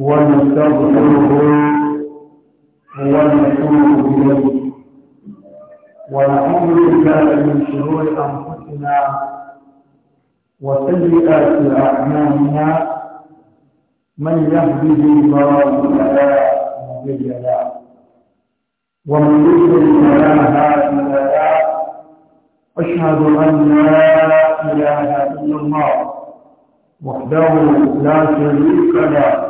ونستغفره ونتوب إليه ونعوذ بالله من شرور أنفسنا وسيئات أعمالنا من يهده الله فلا مضل له ومن يضلل فلا هادي له أشهد أن لا إله إلا الله وحده لا شريك له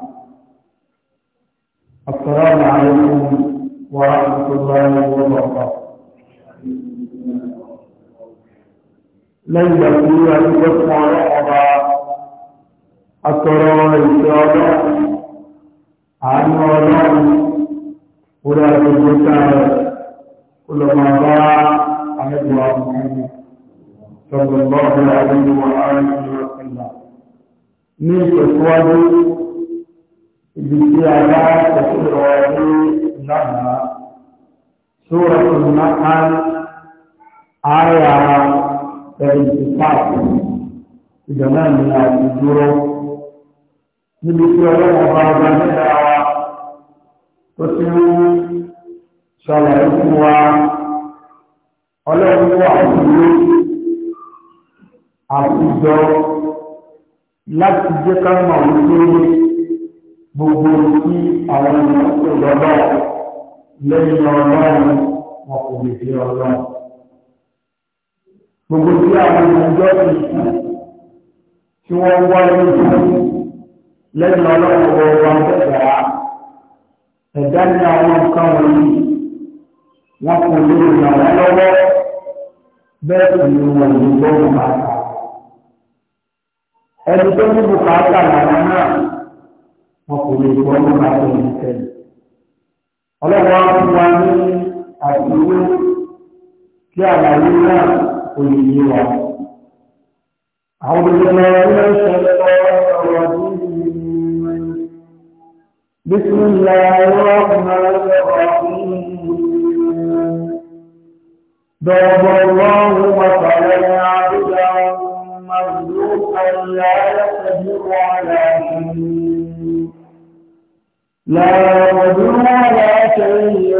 السلام عليكم ورحمة الله وبركاته ليلة فيها تسمع لحظة الترى الإشارة عن مولانا ولا تجد كل ما ضاع عن محمد صلى الله عليه وآله وسلم ní ìtẹ̀síwájú ibi tí a bá tẹ̀síwọ̀ ní lánàá sóra tó ná á àyà ẹ̀rìndì páàkì ìgbà a ti dúró níbi tí ọlọ́wọ́ bá ọba nígbà wa tó ti ń ṣàlàyé fún wà láti gbogbo tí àwọn ìrìnàjò lọ́dọ̀ lẹ́yìn ọlọ́run wọn kò lè fi ọlọ́run. Gbogbo tí àwọn ìrìnàjò ti tí wọ́n wá lójú lẹ́yìn ọlọ́run wọn wọn bẹ̀rẹ̀ á. Ẹ̀dá ni àwọn nǹkan wọ̀nyí wọn kò lè lọ́wọ́ bẹ́ẹ̀ Ẹni tó ní bùkátà làwọn náà. ọkùnrin ìwọ náà bá tó ní tẹ́lẹ̀. ọlọ́wọ́ fún wa ní àdúgbò kí àlàyé náà kò lè yé wa. àwọn olùdókòwò ilé iṣẹ́ ọ̀rọ̀ بسم الله الرحمن الرحيم ضرب الله مثلا عبدا مملوكا لا يقدر على لا يدعو لا شيء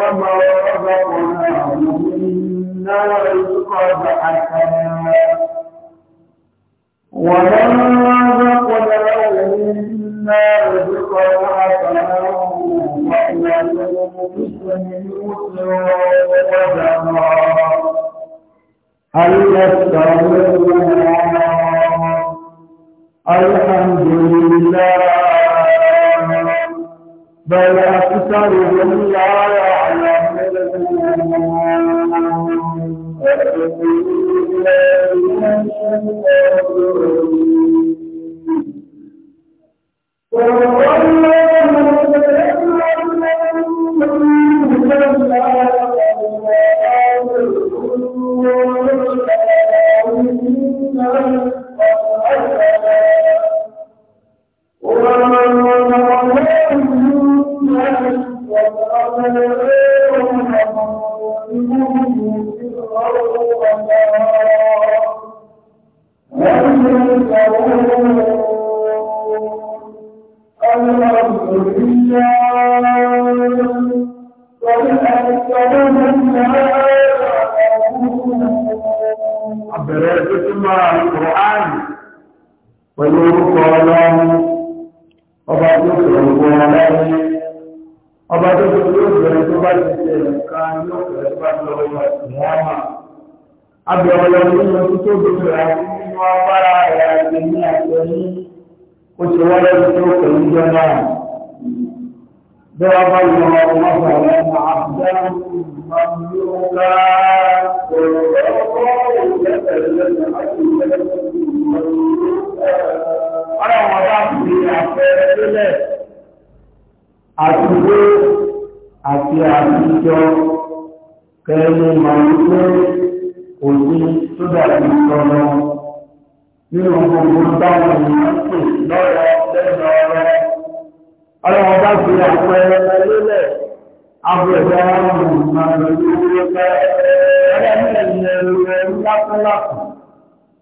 وما رزقناه منا رزقا حسنا ومن رزقناه منا رزقا حسنا وهو المؤمن يوسف وجمع هل يستوون الحمد لله بل أكثرهم لا يعلمون Thank you. pẹ̀lú orúkọ ọlọ́run ọba tó fẹ̀rẹ̀ gbọ́ ọlọ́run ọba tó fẹ̀rẹ̀ tó bá ti ṣe nǹkan yóò fẹ̀rẹ̀ tó bá ti lọ́wọ́ ìwà ìsìn wọn mà abẹ́ ọlọ́run nínú tó tó gbogbo rẹ̀ àti nínú agbára rẹ̀ àti ní àtẹ̀yìn ó ṣe wọ́n lẹ́nu tó pẹ̀lú jọ náà bí wọ́n bá yọ ọmọ ọmọ ọmọ àbúrò ìgbàlódé ọ̀gá ọ̀rọ̀ ọ̀rọ̀ ìgbẹ́sẹ̀ lẹ́nu àti àtijọ́ kẹ́lẹ́ máa ń pé kò sí tó dàbí sọ́nà nínú gbogbo dáwọn ènìyàn pè lọ́rọ̀ lẹ́nu ọ̀rọ̀ ọlọ́wọ́ bá fi àpẹẹrẹ lélẹ̀ abúlẹ̀dá ọ̀rùn máa ń rí orí pẹ́ ẹgbẹ́ ìrìnlẹ̀ lápẹ́lápù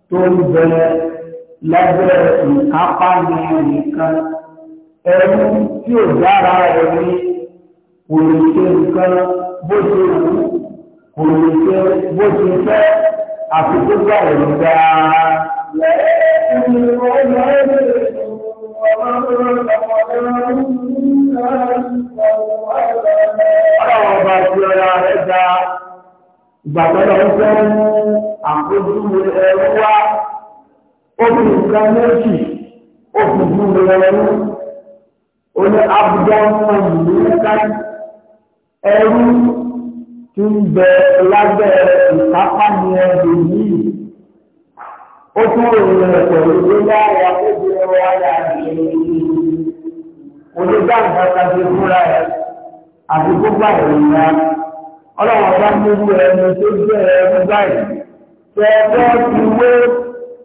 tó ń bẹ lábẹ́ ìkápá ní ẹnìkan ẹ̀rú tí ò dára ẹ̀rí kò lè ṣe nǹkan bó ṣe wù kò lè ṣe bó ṣe fẹ́ àti tó gbà ẹ̀rọ dáa. Ọlọ́run ọba ti ọ̀la rẹ̀ da ìgbàgbọ́dọ̀ ń fẹ́ mú àkójúwe ẹ̀rú wá. Ó fi nǹkan méjì ó fi júwe ẹ̀rú. Ó ní Abudá ń mọ ìlú kájú ẹrú tí ń bẹ lábẹ́ ìkápá ni ẹrù yìí ó tún ròyìn rẹ̀ pẹ̀lú pé láàrin akéde ẹ̀rọ ayà onígbà nǹkan kan ti fúnra ẹ̀ àti gbogbo àwọn ènìyàn ọlọ́wọ́n bá múlú ẹni tó jẹ́ ẹrú báyìí tẹ ẹgbẹ́ ti wé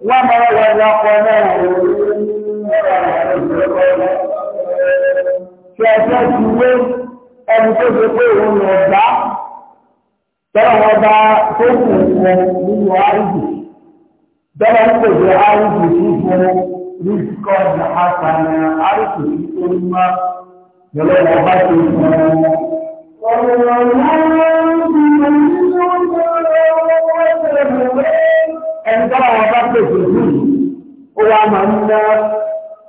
wọ́n máa wọ ẹ̀yọkọ náà tẹ ẹgbẹ́ ti wé ẹni tó ṣe pé òun lọ gbá tọ́lá wọn bá tó kù wọn nínú àrùbù tọ́lá ń pèsè àrùbù sí fún ríkọ́ ní àtàlẹ̀ àrùbù e sí tó ń má lọ́lọ́ wọn bá tó fún wọn. Ẹni tọ́lá wọn bá pèsè sí ó wá máa ń dá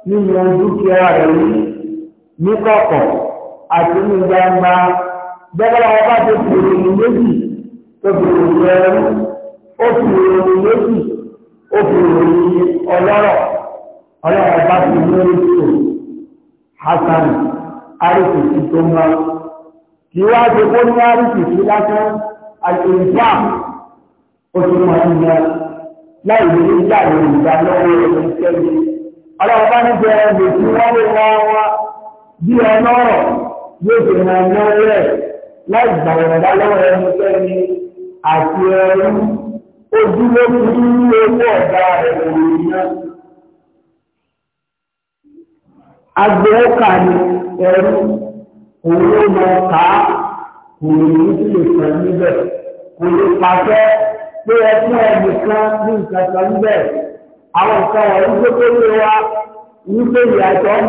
nínú dúkìá rẹ̀ ní kọ̀kọ̀. àti ní gbangba gbẹ́gbẹ́ra ọba tó fi òyìn méjì tó fi òyìn méjì ó fi ọlọ́rọ̀ ọlọ́rọ̀ ọba fi lórí tó hasan arìsìsì tó ń bá kí wá ṣe kó ní arìsìsì lásán àti ó ti ní láì lè ní lọ́wọ́ ọlọ́rọ̀ bá ní yóò fi máa ná rẹ̀ láì gbàgbọ́dá lọ́wọ́ ẹni sẹ́ni àti ẹrú ojúlógún ní owó ọ̀gá rẹ̀ òun iná. Agbẹ́ọ́kà ni ẹrú òun ká ní lè níbẹ̀. Kò lè pàṣẹ pé ẹkún ní nǹkan níbẹ̀. Àwọn nǹkan wọ̀nyí tó tó lé wa ìyàtọ̀ ń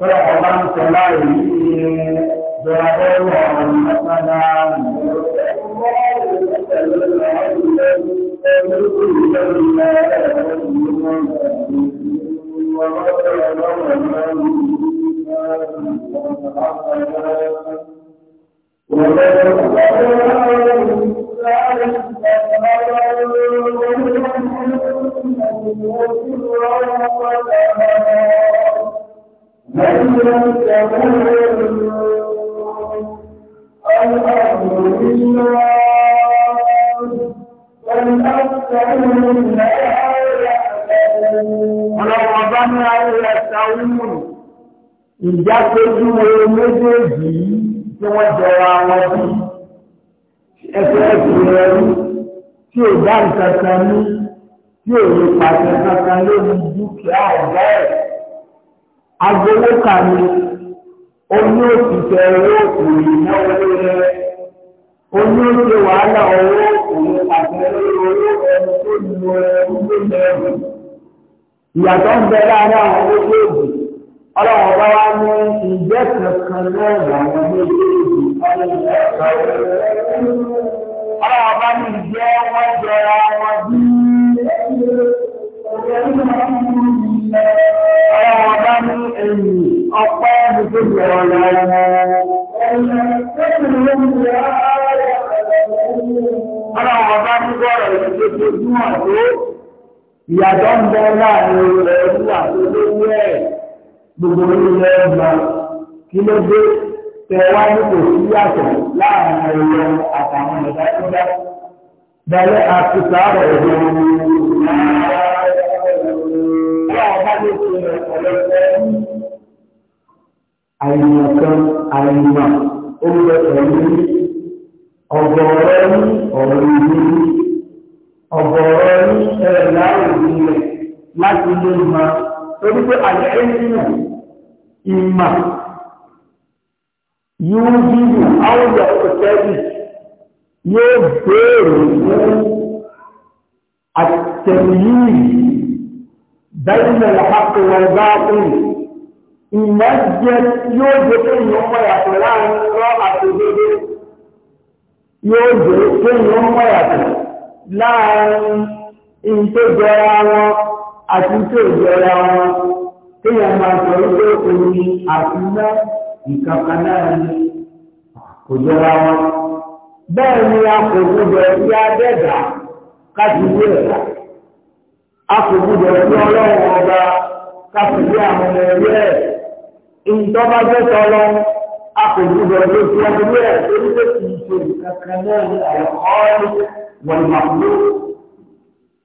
pé ọba ń sọ láàyè yìí jọra ẹrù ọ̀rọ̀ mẹ́tàdá Thank you. من يتمون الأرض لله والأكثر لا يعلمون ولو ظن أن يستوون ìjà tójú oore méjèèjì yìí tí wọ́n jọra wọn bí ẹsẹ̀ ẹ̀sìn ẹrú tí ò dá nǹkan kan ní tí ò lè pàṣẹ kankan lórí dúkìá ọ̀gá ẹ̀. agbowó ka ní oní òṣìṣẹ́ owó òkùnrin náà owó rẹ̀ oní òṣìṣẹ́ wàhálà owó òkùnrin àti owó ẹni tó lu ẹni tó lẹ́rù. ìyàtọ̀ ń bẹ láàárín àwọn méjèèjì bá wá ní kankan náà méjèèjì bá ní wọ́n jọra bí. Ọ̀rọ̀ ọba ní èyí ọpẹ́ ní tó bẹ̀rẹ̀ ọ̀rọ̀ Ọlọ́run ọba ní bọ́ọ̀rọ̀ ìṣètò ìjúmọ̀ tó ìyàtọ̀ ń bẹ láàrin ẹ̀rú àtọ́lówó ẹ̀ gbogbo orílẹ̀ ọgbà kí ló dé tẹ̀wá ní kò sí yàtọ̀ láàrin ẹ̀rọ àtàwọn ẹ̀dá tó Bẹ̀rẹ̀ àti sàárọ̀ ẹ̀rọ ọmọ ọba ló ṣe ọ̀pọ̀lọpọ̀ àìmọ̀ kan àìmọ̀ oúnjẹ pẹ̀lú ọgọ́rọ́ ní ọ̀rọ̀ ìlú ọgọ́rọ́ ní ẹ̀rọ láwùjọ rẹ̀ láti lè mọ torí pé àlẹ́ ẹ̀yìn ìmọ̀ yóò dìbò áwùjọ pẹ̀lú yóò béèrè fún àtẹ̀yìn bẹ́ẹ̀ni làpapọ̀ wọn bá pín ìmọ̀ jẹ yóò jẹ kéèyàn mọ̀ yàtọ̀ láàrin irọ́ àti òdodo yóò jẹ kéèyàn mọ̀ yàtọ̀ láàrin ìtòjọra wọn àti ìtòjọra wọn kéèyàn máa sọ wípé omi àti iná ìkàkà náà ni kò jọra wọn bẹ́ẹ̀ ni a kò gbọdọ̀ yá dẹ́gbà káàkiri ẹ̀ka a kò gbúdọ̀ sí ọlọ́run ọba ká sì rí àwọn ọmọ ẹgbẹ́ ẹ̀ ìjọba jẹ́ tọ́lọ́ a kò gbúdọ̀ lé sí ẹgbẹ́ ẹ̀ lórí pé kì í ṣe kankan náà ní àìkọ́ọ́lù wọ̀nyí màkúrò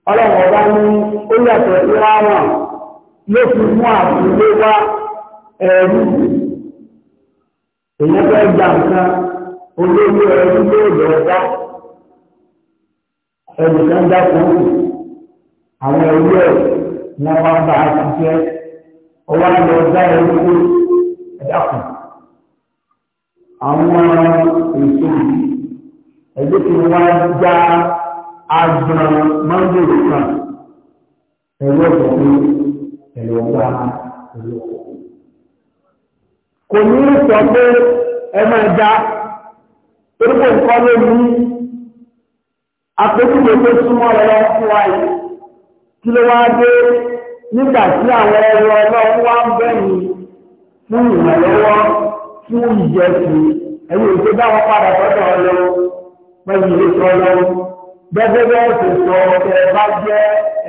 ọlọ́run ọba ní ó yàtọ̀ sí ráwọn ló fi mú àbúlé wá ẹ̀rú èyí fẹ́ gbà nǹkan olóògbé ẹ̀rú ló lọ́ọ́ dá ẹnìkan dá kúrò àwọn ẹrú ẹ̀ wọ́n máa ń bá a ṣiṣẹ́ ọwọ́ àlọ́ ọjà ẹrú pé ẹ̀dá kù àwọn èso ẹ̀jẹ̀ tí wọ́n á já agbọ̀n mọ́ngòrò kan ẹ̀rọ ọ̀gbọ̀n ẹ̀rọ ọ̀gbà ẹ̀rọ ọ̀gbọ̀n. kò ní sọ pé ẹ máa já torí kò ń kọ́ lórí tó súnmọ́ ọ̀rọ̀ fún wa yìí kí ló wá dé nígbà tí àwọn ẹrù ọlọ́run wá ń bẹ̀yìn fún ìrànlọ́wọ́ fún ìjẹsìn ẹ̀yìn ètò dáwọn padà sọ́dọ̀ ọlọ́run pẹ̀lú ètò ọlọ́run gẹ́gẹ́ bẹ́ẹ̀ sì sọ ẹ bá jẹ́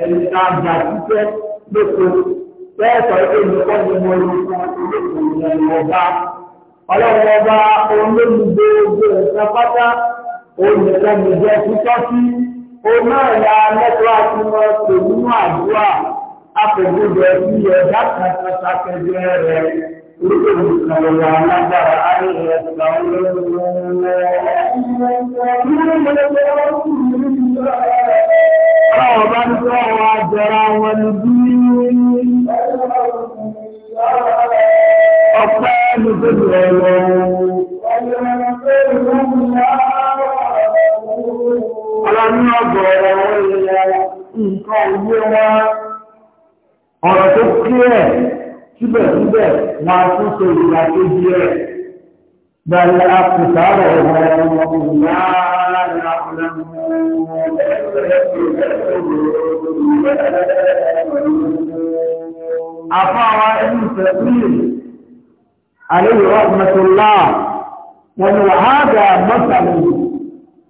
ẹ̀yìn àgbà títẹ́ lóko bẹ́ẹ̀ sọ pé nìkan ni mo lè fún olóko ìrìn ọba ọlọ́run ọba olómi gbogbo ẹ̀sán pátá olùkọ́ mi jẹ́ fún tọ́sí náà ya lẹ́tọ́ àti wọn pè nínú àdúrà afẹ́gbẹ́gbẹ́ sí ẹ̀dá kan ṣàkẹgbẹ́ rẹ̀ orúkọ nìkan lọ́wọ́ alágbára ayé rẹ̀ ṣàwọn Àwọn ọba ń tọ́ àwọn àjọra wọn ní bí ọpẹ́ ní gbogbo ẹ̀rọ ọlọ́run ọgọ̀ọ̀rọ̀ ilẹ̀ nǹkan òye wọn ọ̀rọ̀ tó kílẹ̀ síbẹ̀síbẹ̀ wọn tún ṣe ìgbà tó di ẹ̀ gbàlẹ́ àpùtàrọ̀ ọ̀rọ̀ ìyá Àfáwa ẹni ìfẹ̀kúlè, àlè ìrọ̀ mẹ́tòlá, wọn ni wà á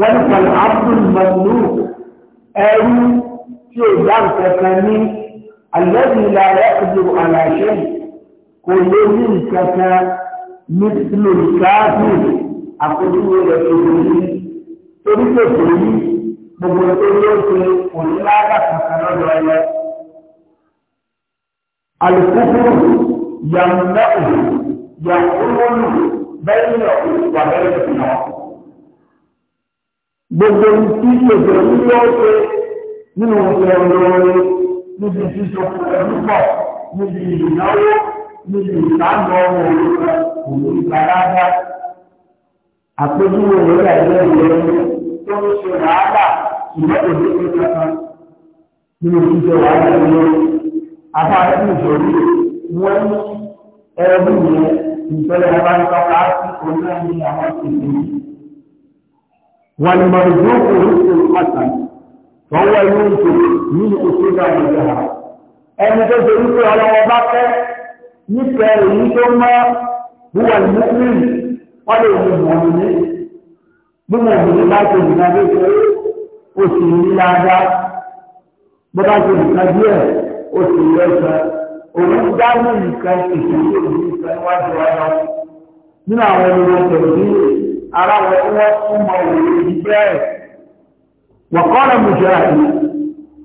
wọ́n pẹ̀lú abdulmanu ẹrú tí ó dá nǹkan ní alẹ́bìnlá ẹ̀kùnjù aláṣẹ kò lè ní nǹkan ní sílò káàkì àkójúwò rẹ̀ tó lórí torí tó lórí gbogbo tó ló ṣe kò ní lára kankan lọ́dọ̀ ẹlẹ́ alùpùpù yàmùnẹ́kù ọ̀pọ̀ ìgbà bẹ́ẹ̀ ni ọ̀pọ̀ gbogbo tí ìṣèjọ nílé ọ̀ṣẹ́ nínú ọ̀ṣẹ́ ọ̀rọ̀ níbi ṣíṣọ púpọ̀ níbi ìnáwó níbi ìsànà ọmọ òrùka òrùka rárá àpéjúwò rẹ̀ ẹ̀rẹ́ ìrẹ́ tó ń ṣe wàhálà ìwọ́n òní ṣe kankan nínú ṣíṣe wàhálà ìwọ́ afárá ìṣòrí wọ́n ní ẹrú yẹn ìṣẹ̀lẹ̀ ọba ń tọ́ka sí àwọn ìṣèlú والمرزوق رزق الحسن فهو ينفق من أصول الجهر أن تزرق على وضعك نكره ثم هو المؤمن ولو من المؤمنين بمؤمن لا تزرق عليه أصول الجهر bọ́dá tó nìkan díẹ̀ ó sì lọ sọ òun dá ní nǹkan ìṣòro nǹkan wájú wájú nínú àwọn ẹni wọn tẹ̀lé ara wọn ụmụ wọ́n wọ̀kọ́lẹ̀ mùjáàrí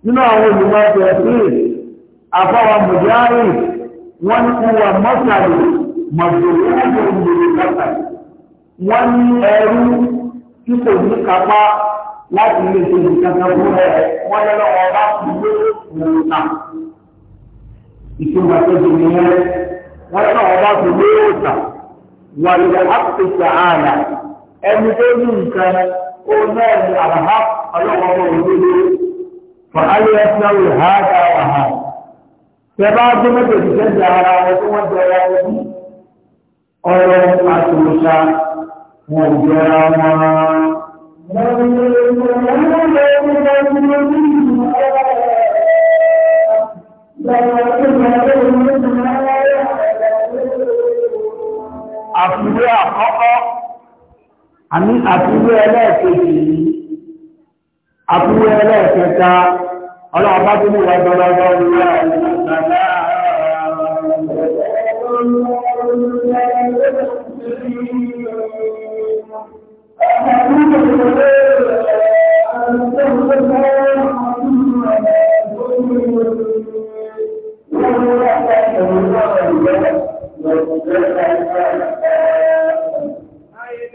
nínú àwọn olùmọ̀ tẹ̀sí mùjáàrí wa mọ́sàlì mọ̀jòrò wọ́n ní tí kò ní láti fún wọ́n wọn ẹni tó ní nǹkan ó náà ní àbáhá ọlọ́wọ́wọ́ olóòlò fàálù ẹ̀sìnáwó ìhádà wàhá tẹ́bá gbé mẹ́tẹ̀ẹ̀tì sẹ́ńdì ara wọn tó wọ́n jọra wọn ọ̀rọ̀ àtòròṣà wọn jọra wọn. Àfiwé àkọ́kọ́ àní àfiwé ẹlẹ́ẹ̀kejì yìí àfiwé ẹlẹ́ẹ̀kẹta ọlọ́run bá tún wà Thank you.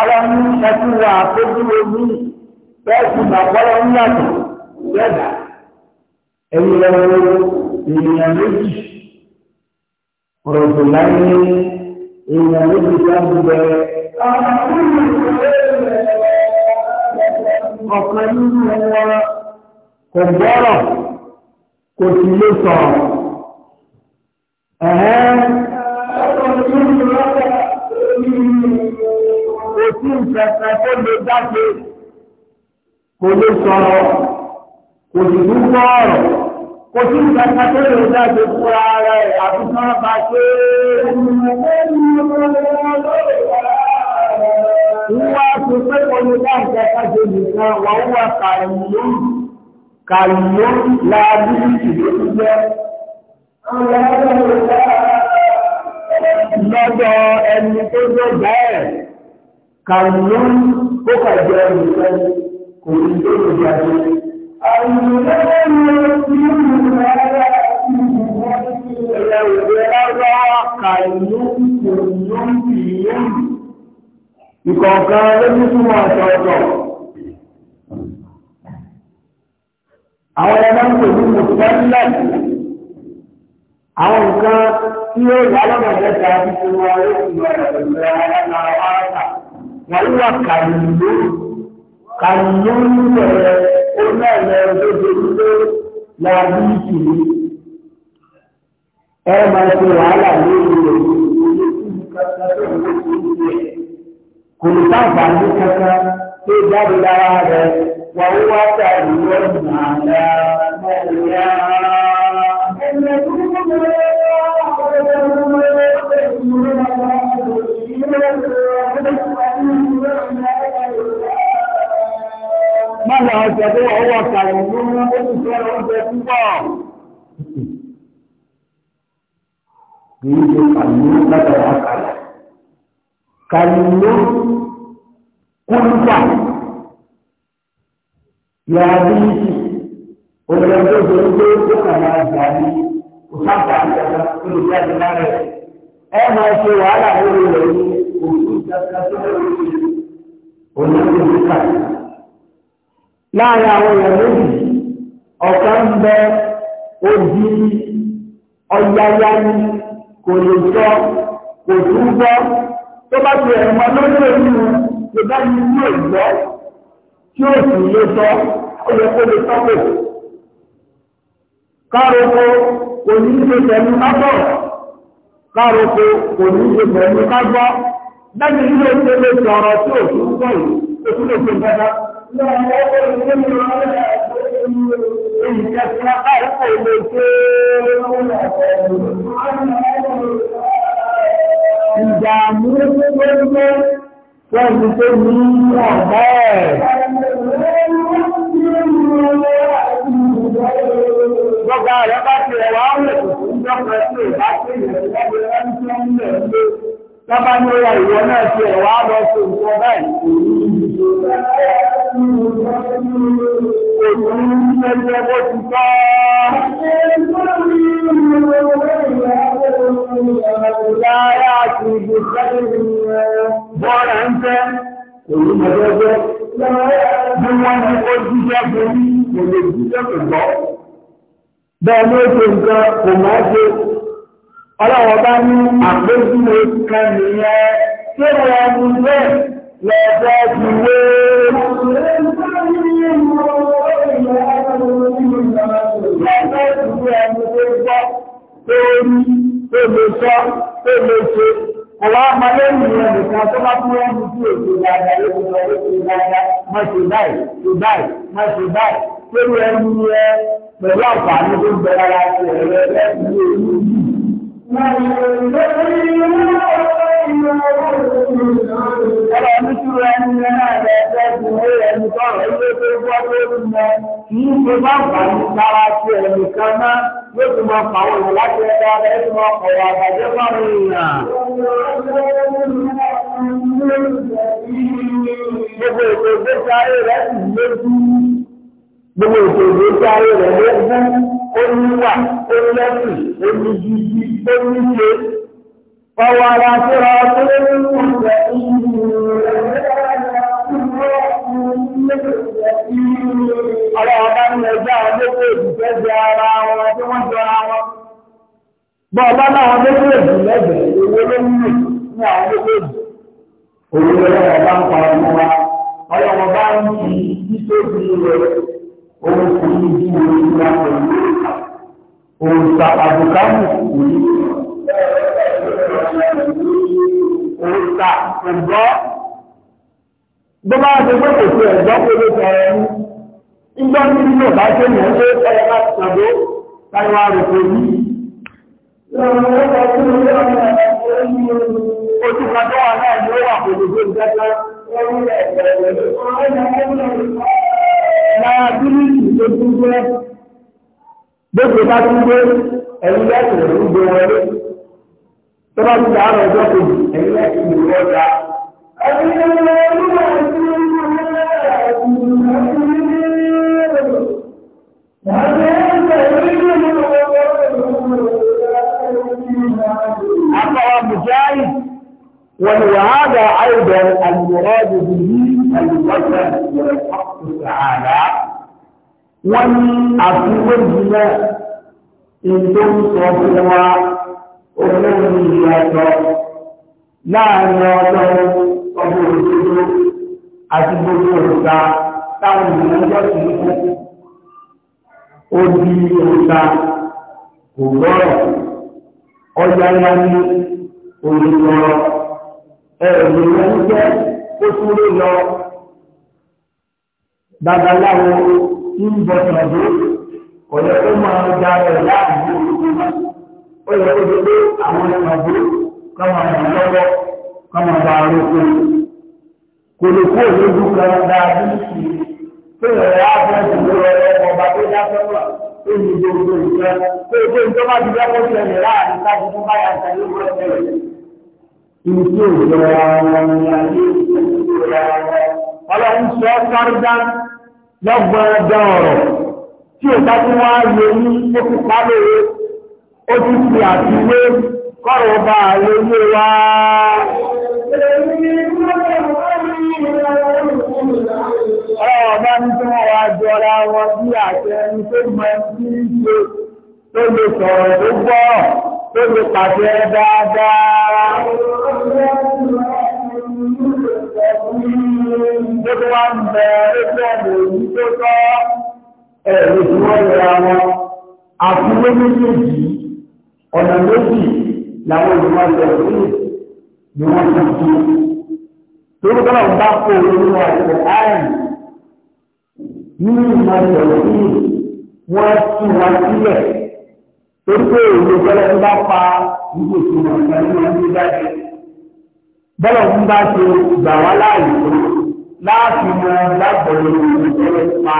ọlọ́run ṣẹ́kù wà àpójú omi bẹ́ẹ̀ sì mà bọ́lọ́ ń yàtọ̀ lẹ́dà ẹ̀yìn lọ́wọ́ ènìyàn méjì ọ̀rọ̀ tó láyé ènìyàn méjì tó ń bẹ ọ̀kan nínú wọn kò gbọ́rọ̀ kò sì lè sọ̀rọ̀ ẹ̀hẹ́n ọ̀kan nínú wọn kò sì lè sọ̀rọ̀ sí nǹkan tó lè dáṣe kò lè sọ̀rọ̀ kò sì ní gbọ́ọ̀rọ̀ kò sí nǹkan tó lè dáṣe fún ara ẹ̀ àti sọ́rọ̀ bá ṣe wúwá tó pé kò lè dá nǹkan káṣe nìkan wà wúwá kàrìyó kàrìyó láàbí ìdókòwò jẹ́ lọ́dọ̀ ẹni tó gbọ́dọ̀ ẹ̀ kàwùlọ́n ó kàjọ ìrìnlẹ̀ kò ní tó lè jáde. Ìkọ̀ọ̀kan lójú fún ọ̀tọ̀ọ̀tọ̀. Àwọn ẹgbẹ́ ń pèlú mùsùlùmílẹ̀. Àwọn nǹkan tí ó wà lọ́nà mẹ́ta tí ó wà lórí ìwọ̀n ìrìnlẹ̀ aláwọ̀ wọ́n wà kàlùlù kàlùlù nílẹ̀ onílẹ̀ lójoojúmọ́ làwọn ìtì ẹ máa ṣe wàhálà lórí rẹ̀ kò ní sábà ní kankan tó jáde lára rẹ̀ wọ́n wá kàlùlù ọ̀nà àlà mọ́ọ̀lá. ọ̀sẹ̀ tó wọ́n wọ̀ sàrẹ̀ nínú oúnjẹ oúnjẹ púpọ̀. Èyí ṣe kàlùmí látara àkàlà. Kàlùmí kúlùkà yàrá bí olùdókòwò tó ń gbé tó kàlà àgbàdì òṣàkà àgbàdà olùjáde lára ẹ̀. Ẹ máa ṣe wàhálà lórí rẹ̀ ní òṣù ìjàkadì lórí òṣù ìjàkadì láàrin àwọn èèyàn lónìí ọ̀kan ń bẹ odi ọ̀yáyá ni kò lè sọ kò tún gbọ́ tó bá ti ẹ̀rọ mọ́ lórí òní wọn lè bá ní ilé ìgbọ́ tí ó sì lè sọ ó yẹ kó lè sọ́kò. káròkó kò ní ṣe pẹ̀lú kábọ̀ káròkó kò ní ṣe pẹ̀lú kábọ̀ lẹ́yìn ilé ìṣẹ́lẹ̀ sọ̀rọ̀ tí ò tún gbọ́ yìí ó tún lè ṣe dáadáa. Ìjọba àìkò lè ṣe ìdààmú gbogbo pẹ̀lú tó ní ọ̀gá ẹ̀. Gbogbo àrẹ bá ti ẹ̀wà ń rẹ̀ tó ń jọ́ pẹ̀lú ìbá lábá ní ọya ìwọ náà ti ẹ̀wà lọ sí nǹkan báyìí òun ní ẹgbẹ́ ti tọ́ Yára àti ìgbésẹ̀ bọ́ọ̀rẹ̀ ń fẹ́, èyí mọ̀lẹ́gbẹ́, bí wọ́n ní ó jíjẹ́ fún ní, kò lè jíjẹ́ pẹ̀lú. Bẹ́ẹ̀ ló ṣe nǹkan kò máa ṣe ọlọ́wọ́ bá ní àpéjúwe kan nìyẹn tí wọ́n mú bẹ́ẹ̀ lọ́jọ́ ti wé. lọ́jọ́ ti wé ẹni tó gbọ́ tó rí tó lè sọ tó lè ṣe kò wá ma lẹ́yìn ìyẹn nìkan tó bá fún ẹni tí èdè dáadáa ló ti lọ ló ti dáadáa má ṣe báyìí ṣe báyìí má ṣe báyìí lórí ẹni yẹn pẹ̀lú àǹfààní tó ń bẹ lára ti ẹ̀rọ ẹlẹ́sìn Ọ̀rọ̀ nítorí ẹni náà rẹ̀ ẹgbẹ́ ìwé ẹni tọ́rọ ilé tó gbọ́ lórí mọ́, kìí ṣe bá bà ní sára sí ẹni kan náà ló ti máa pàwọn ìwọ̀n láti ẹgbẹ́ ara ẹ̀ tó máa pọ̀wọ̀ àgbàjẹ́ fáwọn èèyàn. Gbogbo ètò ìgbésí ayé rẹ̀ sì lójú. Gbogbo ètò ìgbésí ayé rẹ̀ lójú. oníwà onílẹ́sìn oníjìjì oníṣe fọwọ́ra síra ọdún nínú rẹ̀ ọ̀rọ̀ ọba ní ẹjọ́ ọdún èdè jẹ́ ara wọn tí wọ́n jọra wọn ọba láwọn méjèèjì lẹ́gbẹ̀ẹ́ owó ló ń lò ní àwọn méjèèjì òun lọ́wọ́ ohun kò ní bí wo ìlú àpẹẹrẹ ohun sàpàdùkámù kò ní ohun sà ẹ̀gbọ́ bó bá ṣe pé kò sí ẹ̀gbọ́ pé ló sọ ẹ̀ ní ìgbọ́ nínú náà bá ṣe mọ̀ ṣe ẹ̀yẹ láti ṣàbó táwọn àròkọ yìí. Ojú kan tó wà náà ni ó wà pẹ̀lú ìgbésẹ̀ lára bíríkì tó tún jẹ́ gbogbo bá tún gbé ẹ̀yìn lẹ́sìn rẹ̀ ń gbé wọlé tó bá tún dáhùn ọjọ́ kejì ẹ̀yìn lẹ́sìn rẹ̀ wọ́n dá. أما مجاهد وهذا أيضا المراد به الوجه والحق تعالى ومن أفوجنا إن تنصر سوى أمنياته لا يعلم أبو الجدو أتبو الجدو táwọn ènìyàn jọ sí ikú ó di òta kò gbọ́rọ̀ ọjà ńlá ní òyìnbọ̀rọ̀ ẹ̀rọ ìrìn jẹ́ ó tún lè lọ babaláwo tí ń bọ̀ tọ̀dé kò yẹ kó máa gba ẹ̀ láàbù ó yẹ kó a lóko kò lè kó òdodo kan dáadé sí i tó yẹ ẹ̀ á fẹ́ ìdúró ọba tó dá sọ́wọ́ tó ní gbogbo ìjọ tó yẹ kó ìjọ má ti lọ́wọ́ sí ẹ̀ láàrin káàdì tó bá yàtọ̀ ẹ̀rẹ̀ lọ́gbọ̀n ẹgbẹ́ ọ̀rọ̀ tí ó bá tún wá lè ní ẹkù pálẹ̀ ó ti fi àtiwé kọ́rọ̀ bá lè yé wá. ọ̀rọ̀ bá ní tí wọ́n wá jọra wọn bí àṣẹ ẹni tó mọ sí ṣe tó lè sọ̀rọ̀ tó gbọ́ tó lè pàṣẹ dáadáa tó tó wá ń bẹ ẹgbẹ́ èyí tó tọ́ ẹ̀rù tí wọ́n yẹra wọn àti ló méjèèjì ọ̀nà méjì làwọn ìgbìmọ̀ ìṣẹ̀lẹ̀ ni wọ́n ti fi lórí tọ́lá ń bá kó olórí wọn àti ààrùn nínú ìmọ̀ ìṣẹ̀lẹ̀ yìí wọ́n ti wá sílẹ̀ torí pé èyí tọ́lá ń bá pa ìgbò tí wọ́n ń bá ní wọn ní jáde bọ́lá ń bá ṣe gbà wá láàyè tó láti mọ lágbọ̀dọ̀ ìgbẹ̀rẹ̀ pa.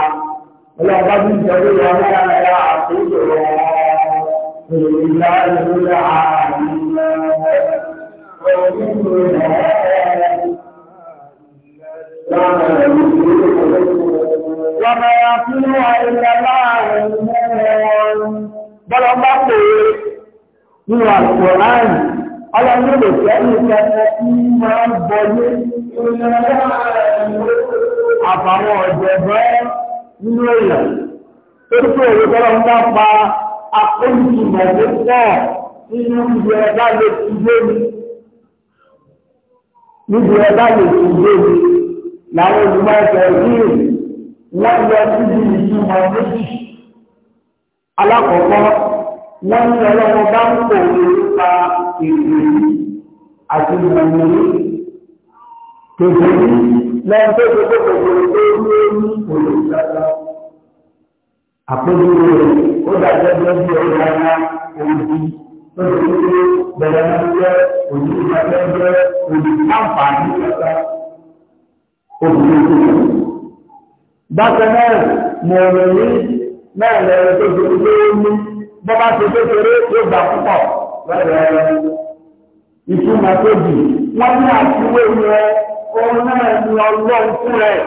Ọlọ́pàá ti jẹ́ pé wọ́n ní ara àkójọ ìlà ìlúlà Wọ́n máa fún àìlà láàrin mẹ́rin wọn. Bọ́lọ́ bá pè é nínú àṣọ láàrin Ọlọ́run lè jẹ́ ìjẹta tí máa ń bọlé àfàwọn ọ̀jẹ̀bẹ́ nínú èèyàn. Tó tó èrè tọ́lọ ń bá pa akóyìnbọ̀ tó pọ̀ nínú ibi ẹ̀dá lè ti dé mi. Níbi ẹ̀dá lè ti dé mi láwọn olùmọ̀ ẹ̀fẹ̀ ríè wọ́n lọ síbi ìtumọ̀ méjì. Alákọ̀ọ́kọ́, wọ́n nípa ìrìnrìn àti ìrìnrìn tòbí lẹ́yìn tó tó tó tó tó tó ní olùsọ́lá. Àpéjú rẹ̀ ó dàjẹ́ bí ọdún ọ̀la ńlá òbí tó tó tó bẹ̀rẹ̀ ní jẹ́ òbí ìgbàgbẹ́ jẹ́ òbí àǹfààní ìjọba òbí tó tó. Bákan náà, mo rẹ̀ ní náà lẹ́yìn tó tó tó ní bọ́bá tó tó tó tó gbà púpọ̀ lọ́rẹ̀ ìtumọ̀ tó jù wọ́n ní àfiwé rẹ òun náà ni ọlọ́run fún rẹ̀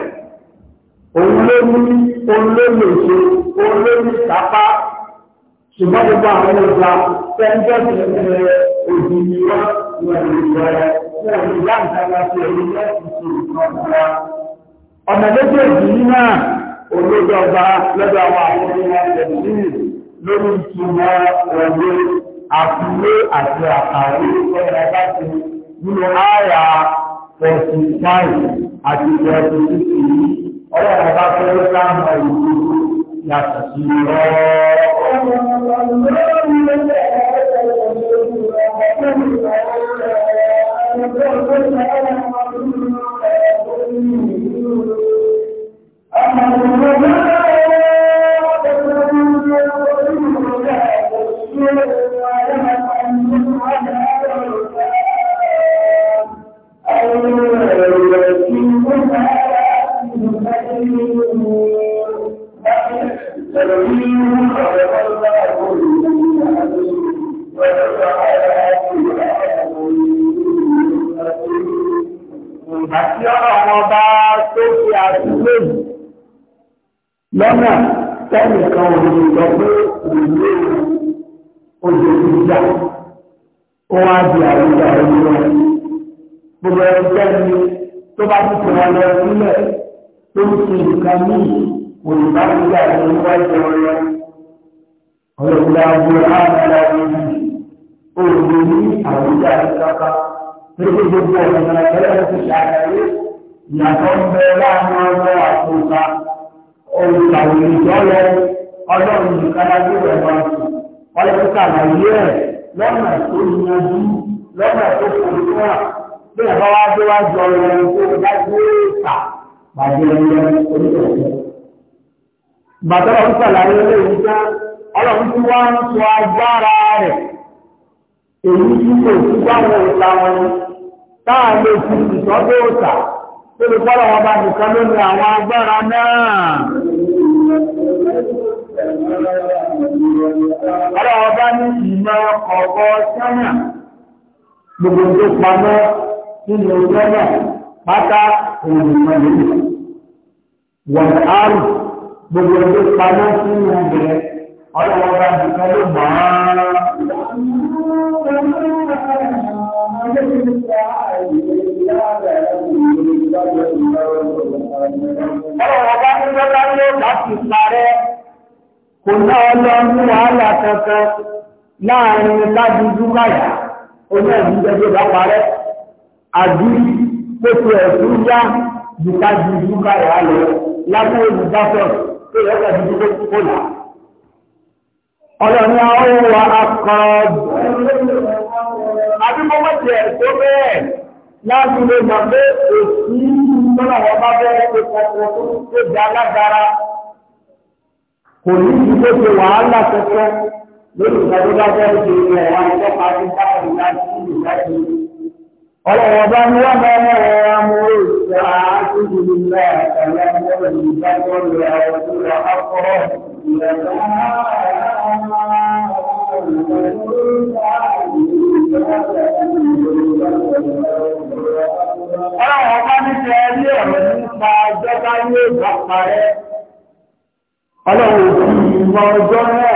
òun ló ní òun ló lè ṣe òun ló ní kápá ṣùgbọ́n gbogbo àwọn ọjà tẹ́ńtẹ́ǹtì rẹ̀ òdì ni wọ́n wọ̀ ní ìrọ̀lẹ́ wọn ò ní láǹkà láti ẹ̀yìn lẹ́sìn sí ìkọ̀ọ̀kan ọ̀nà méjèèjì yìí lórí ìtumọ̀ ọ̀gbẹ́ àfiwé àti àkàwé ìfẹ́ra bá ti nínú àyà 45 àti 46 yìí ọlọ́run bá fẹ́ láàmà ìlú yàtọ̀ sí ọ̀rọ̀. Thank you. Àti ọ̀rọ̀ wọn bá tó fi àdúgbò lọ́nà tẹ́nìkan òun lọ pé òun òjò ìjà ó wá di àwùjọ ẹni wọn. Gbogbo ẹgbẹ́ ni tó bá ti fi wọn sílẹ̀ tó ń ṣe nǹkan ní òyìnbá nígbà tó ń wájú ọ̀rọ̀ ọlọ́gbọ́dá gbọ́dá àgbàdá yìí òògùn ní àwùjá ìjọba pẹ̀lú gbogbo ọ̀nà ìgbẹ́lẹ̀ ti ṣàlàyé ìyàtọ̀ ń bẹ láàrin ọlọ́ àtúnṣà olùkàwé ìjọlọ ọlọ́run ìkálájú rẹ̀ máa sùn ọlọ́run ṣàlàyé ẹ̀ lọ́nà tó yanjú lọ́nà tó fojú wà bí ẹ̀ bá wá dé wá jọ ọ̀rọ̀ tó bá gbé ìta bàjẹ́ ẹ̀yẹ oníkẹ̀kẹ́. bàtà ọ̀hún ọlọ́run tí wọ́n ń sọ agbára rẹ̀ èyí tí kò sí báwọn òòta wọn ni táà lè fi ìsọ́dọ̀ òòta tó lè gbọ́dọ̀ wọn bá nìkan ló ní àwọn agbára náà. ọlọ́run bá ní ìmọ̀ ọ̀gọ́ sẹ́yìn gbogbo tó pamọ́ nínú ọjọ́ náà pátá òun nìkan wọ̀n àrùn gbogbo tó pamọ́ sínú ọjọ́ náà ọlọ́wọ́ bá nìkan ló mọ̀ án. Ọlọ́wọ́ bá ní lọ́lá ló bá ti parẹ́, kò náà lọ ní wàhálà kankan láàrin ládùúgbù báyà, oní ẹ̀dùn jẹ́ bá parẹ́, àbí pépè ẹ̀dùn yá jùkájú báyà lọ lábẹ́ olùdáfẹ́ tó yẹ kàdúgbò kó là ọlọ́ni àwọn ìwà akọ̀ọ̀bù. Àbíkọ́ mọ́tì ẹ̀ tó bẹ́ẹ̀ láti lè mọ̀ pé èsì lọ́nà wọn bá bẹ́ẹ̀ ṣe kọ̀ọ̀kan tó ṣe di alágara. Kò ní kí ló ṣe wàhálà kẹ́kẹ́ lórí ìgbàlódé bá bẹ́ẹ̀ ṣe ìwọ̀n àwọn ìjọba àti ìjọba ìjọba ìjọba ọlọ́wọ́ bá ń wá bá wọn ọ̀rọ̀ amúrò ìṣẹ́ àtúntò nígbà ẹ̀rọ ẹ̀rọ ìgbà tó ń lọ àwọn tó lọ akọ́rọ̀ ìrẹ̀lẹ̀ ọlọ́wọ́ bá ní ṣe ẹrí ọ̀rọ̀ nípa ọjọ́ bá yóò bá parẹ́ ọlọ́wọ́ òfin ìmọ̀ ọjọ́ náà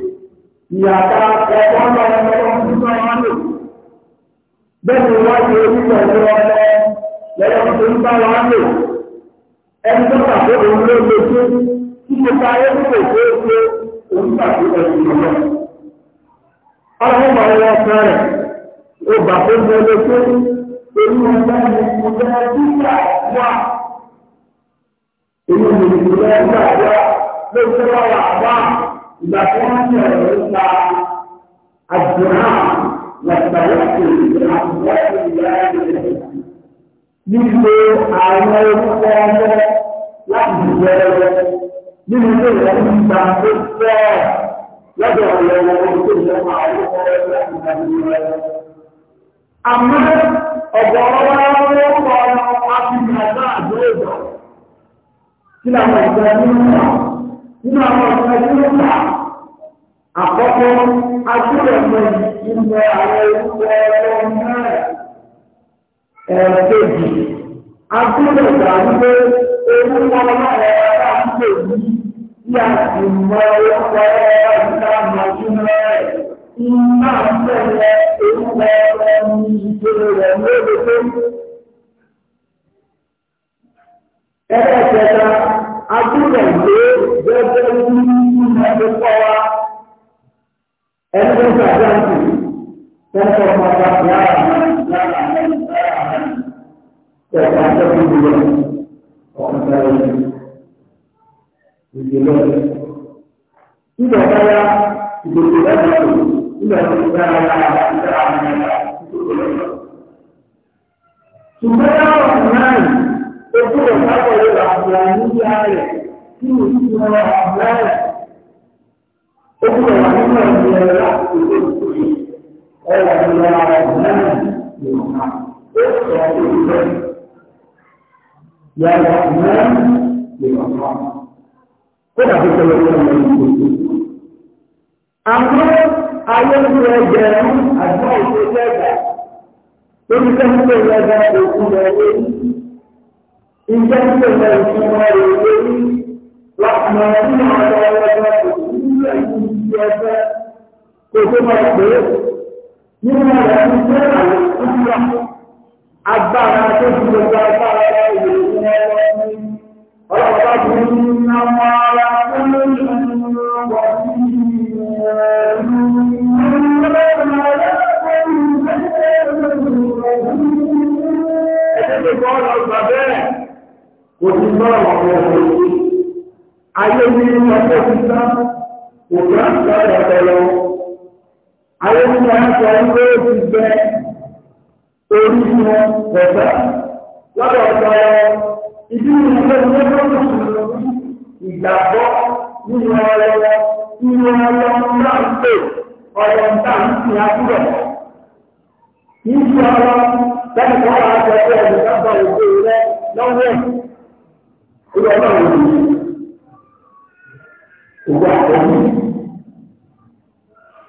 ìyàtà ẹ̀kọ́ lọ ẹ̀kọ́ nínú ọmọ lò bẹ́ẹ̀ ni wọ́n ti orí pẹ̀lú ọmọ lẹ́yìn tó ń bá wa lò ẹni tó tàbí òun ló lè ṣe kí ló ta ayé tó lè ṣe é ṣe òun tàbí ẹ̀sìn ọmọ. ọlọ́run bá wọ fẹ́rẹ̀ ó bà tó ń lọ ṣe èyí ọmọ mi kò lọ sí ìyàwó èyí ọmọ mi kò lọ sí ìyàwó lóṣù lọ́wọ́ àbá ìgbà tí wọ́n ti ọ̀rọ̀ nípa àdúrà lọ́sàlọ́sì àtúwọ́sì ìyára ìrẹsì. Nílò àwọn orúkọ ọmọ láti dìbò ẹ̀rọ. Nínú ilé ìwọ̀n ní ìgbà tó fẹ́ lọ́dọ̀ ọ̀rọ̀ ọmọ orúkọ ìjọba àwọn orúkọ ẹ̀rọ láti Àmọ́ ọ̀gọ̀ ọ̀rọ̀ orúkọ ọmọ àti ìgbà àdúrà ìgbà. Kí làwọn ìgbà nínú àwọn ìgbà nínú àwọn ìgbà nínú àwọn Àkọ́kọ́, agbúrẹ̀mọ̀ ìmọ̀ àwọn orúkọ ọlọ́run náà ẹ̀ẹ́dẹ́jì. Agbúrẹ̀mọ̀ àwúgbé orúkọ ọlọ́run ẹ̀ẹ́dá àwúgbé yìí tí a sì mọ orúkọ ọlọ́run náà mọ̀jú náà. Iná àpẹẹrẹ orúkọ ọlọ́run ìṣòro rẹ̀ lóde tó. Ẹ̀ẹ́dẹ́gbẹ̀ta, agbúrẹ̀mọ̀ gẹ́gẹ́ bí ìmọ̀ ẹ̀dẹ́kọ́ wa. Ini keadaan itu. Tentu pada keadaan. Tentu pada keadaan. Tentu pada keadaan. Tentu pada keadaan. Tentu pada keadaan. Tentu pada keadaan. Tentu pada keadaan. Tentu pada keadaan. Tentu pada keadaan. Tentu pada keadaan. Tentu pada keadaan. Tentu pada keadaan. Tentu pada keadaan. Tentu pada keadaan. Tentu pada keadaan. Tentu pada keadaan. Tentu pada keadaan. Ya Rahman, Ya Rahman. Kau dah betul betul mengikuti. Aku ayat dua jam, ayat dua jam. Tapi kan kau yang dah berkuasa ini, ini kan kau yang semua ini, Rahman, Ya Rahman. ẹ̀sìn ti ẹ̀fẹ́ kò tó máa pè é nínú ọ̀rọ̀ ẹ̀sìn tó wà ní ìlú agbára tó ti lè gba agbára ìwé ìwé ẹ̀rọ ní ọlọ́pàá bá ti ní ọmọ ara tó ló ń wọ̀ sí Ẹgbẹ́ ọlọ́gbà bẹ́ẹ̀ kò ti gbọ́ Ayé ní ọjọ́ ti òkúra sọ ọ̀tọ̀ lọ. Àwọn ọmọ sọ pé ó ti bẹ orí wọn pẹ̀lú lọ́dọ̀ ọ̀tọ̀ lọ. Ìdí mi ló ń lé lórí ìgbàgbọ́ nínú ọlọ́wọ́ nínú ọlọ́wọ́ náà ń pè ọ̀rọ̀ nta ń fi àbúrò. Ìdí ọlọ́ lẹ́nu kọ́ wa sọ pé ẹ̀dùn rẹ lọ́wọ́ ìrọ̀lọ́wọ́ yìí owó àtẹ́jú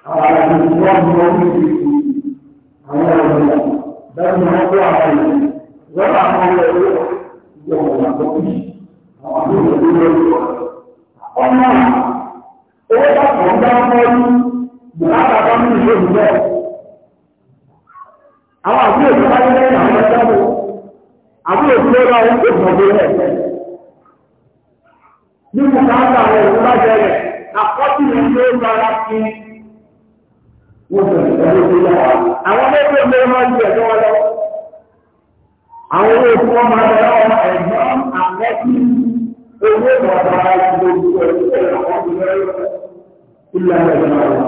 àwọn àti wọ́n mú wọn ní ìlú àwọn ọ̀rọ̀ bẹ́ẹ̀ ni wọ́n kó àwọn ìlú lọ́wọ́ àwọn ọ̀rọ̀ ìlú ìjọ ọ̀rọ̀ àtọ́kùn àwọn àbúrò tó lórí ọmọ owó bàtà ń bá wọn bùkátà bá mú ìṣe ìjọ àwọn àbúrò tó bá yẹ lẹ́yìn àwọn ẹgbẹ́ àbúrò tó lọ́wọ́ ó kò sọ̀rọ̀ ní bùkátà rẹ̀ tó bá jẹrẹ̀ àkọsílẹ̀ ló ń bára sí wọ́n bẹ̀rẹ̀ pẹ̀lú ìgbéyàwó. Àwọn mẹ́rin ló ń máa ń jẹ̀ lọ́wọ́ lọ. Àwọn owó tí wọ́n máa bẹ̀rẹ̀ ọmọ ẹ̀gbọ́n àmẹ́sí owó ìwọ̀nba ìgbòho ẹ̀ṣẹ̀ àwọn ìgbéyàwó ilẹ̀ ẹ̀gbọ́n.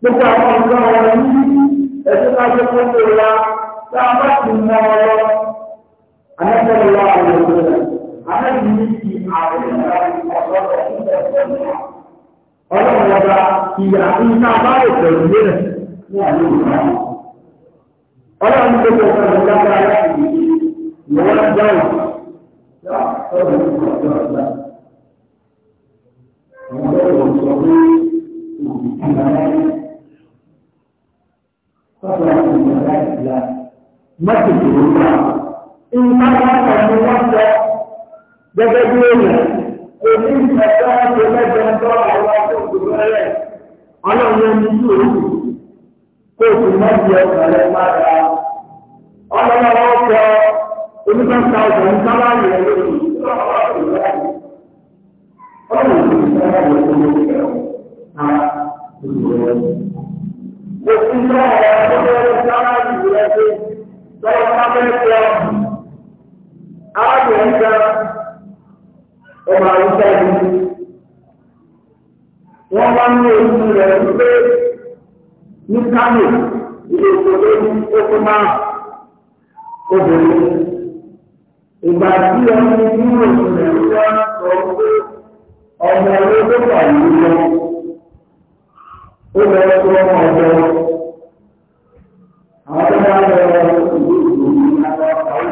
Gbogbo àwọn nǹkan ọ̀rọ̀ yìí ẹ̀sìn máa jẹ́ kó tó wa tá a bá ti mọ ọ lọ. Àmẹ́sẹ̀ lọ́wọ́ àwọn ìgbéyàwó aláìníkì àwọn ọlọ́run ọba ìyá iná bá lè pẹ̀lú lẹ́rẹ̀ ní àlè ìgbà ọlọ́run tó kọ̀ ọ̀sán ìgbà bá láti ìwọ́n dáhùn ọ̀rọ̀ ìgbà ọ̀gbà àwọn ọlọ́run sọ pé òkìkí náà sọ́dọ̀ àwọn ìgbà tó ń bá ìgbà wọn kọ̀ gẹ́gẹ́ bí èèyàn kò ní ìfẹ́fẹ́ ṣe mẹ́jọ ń bọ́ àwọn akókòrò rẹ̀ ọlọ́run ẹni tí ò kù kó o sì mọ́bi ọkàn rẹ̀ padà ọlọ́run ọkọ̀ onígbàtà ọ̀gbọ̀n sáláàlì ẹ̀ lórí ọlọ́run ìfẹ́fẹ́ rẹ̀ tó lórí ẹ̀ náà lórí rẹ̀. Mo ti ń bá ọ̀rọ̀ ọ̀gbọ̀n sáláàlì rẹ̀ pé lọ́wọ́ sábẹ́ pọ̀ arábìnrin kan ó máa ń sẹ́yìn. Wọ́n máa ń lé ojú rẹ̀ wípé ní Kánò ilé ìfò tó ní oko máa obìnrin. Ìgbà tí ọmọ inú oṣù rẹ̀ wá sọ pé ọmọ olóko wà yìí lọ. Ó lọ sọ ọmọ ọ̀dọ́. Àwọn tó bá lọ ìlú ìlú ní àwọn àwọn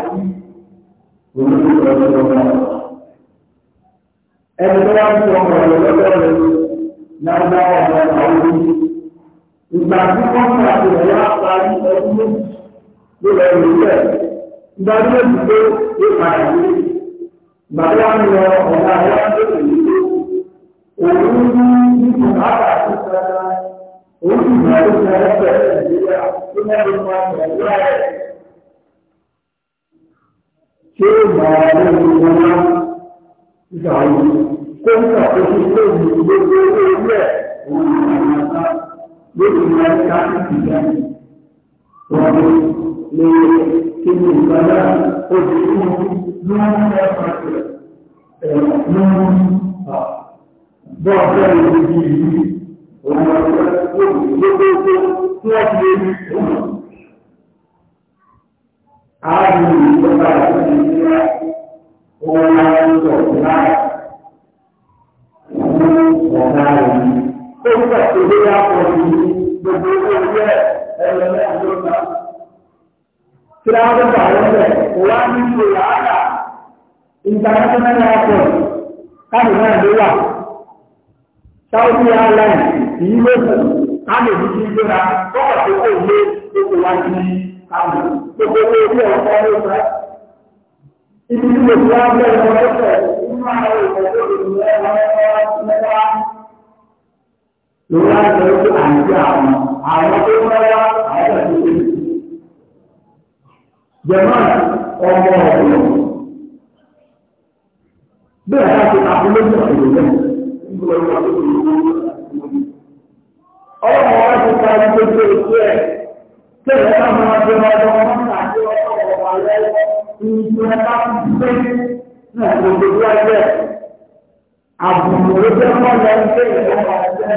òṣìṣẹ́ òṣìṣẹ́ ọmọ ẹni tó wá ń sọ ọmọ rẹ̀ lọ́dọ̀ rẹ̀ lágbára ọ̀rọ̀ àwọn orí ìgbà tí wọ́n ń àti rẹ̀ wá parí ọdún méjì ló lọ rí bẹ́ẹ̀ ìgbà tí ó ti gbé yóò padà sí ìgbà tí wọ́n ń lọ ọ̀gá àwọn akẹ́kọ̀ọ́ yìí òun ní nípa bàbá tó sara òun sì máa ń sọ ọ̀pẹ̀ nàìjíríà tó máa ń sọ ọ̀pẹ̀ nàìjíríà ṣé ìgbà àwọn ọmọ nígbà wo kó ń ṣàkóso lóòrùn gbogbo orí ẹ̀ òun ni àwọn ọ̀tá lórí ìlú ẹ̀ka ìdílé wọn lè kí ni ìgbàlá obìnrin ní wọn ní ẹ̀ka ẹ̀ ní bọ́ọ̀dọ̀ ìlú yìí òun ni ọ̀tá gbogbo tí wọ́n ti lè rí òun. Ààrùn ìjọba àti ìjọba òun ni nígbà tó gbé yá pọ̀ sí gbogbo owó yẹ ẹ̀rọ náà ló gbà. Kí ló ń bá wọn bẹ̀? Òwá ní ṣe làálà international airport káàdì náà ló wà. Saudi Airlines yìí ló kù káàdì yìí ti gbéra kọ́kọ̀ tó kò lé gbogbo wa ní káàdì. Gbogbo owó yẹ ọ̀pọ̀ ló fẹ́. Ibi tí mo ti wá bẹ̀rẹ̀ ọ̀rẹ́ fẹ̀ nínú àwọn ìfọ̀sọ́ ìlú ẹ̀rọ ẹ̀rọ mẹ́ta lórí àjọ ìlú àìsí àwọn àwọn tó ń bá wá àwọn tó ń jẹmọ ọmọ ọdún bẹ́ẹ̀ bá ti àpò lójú ọdún rẹ ọmọ wa ti ka ní gbogbo ètò ẹ tẹ́lẹ̀ náà máa jẹ ọdún wọn náà jẹ ọdún ọba rẹ ìṣúná bá ti gbé náà gbogbo ẹgbẹ́ àbùkù ló jẹ mọ lẹ́yìn tẹ́lẹ̀ náà. Kí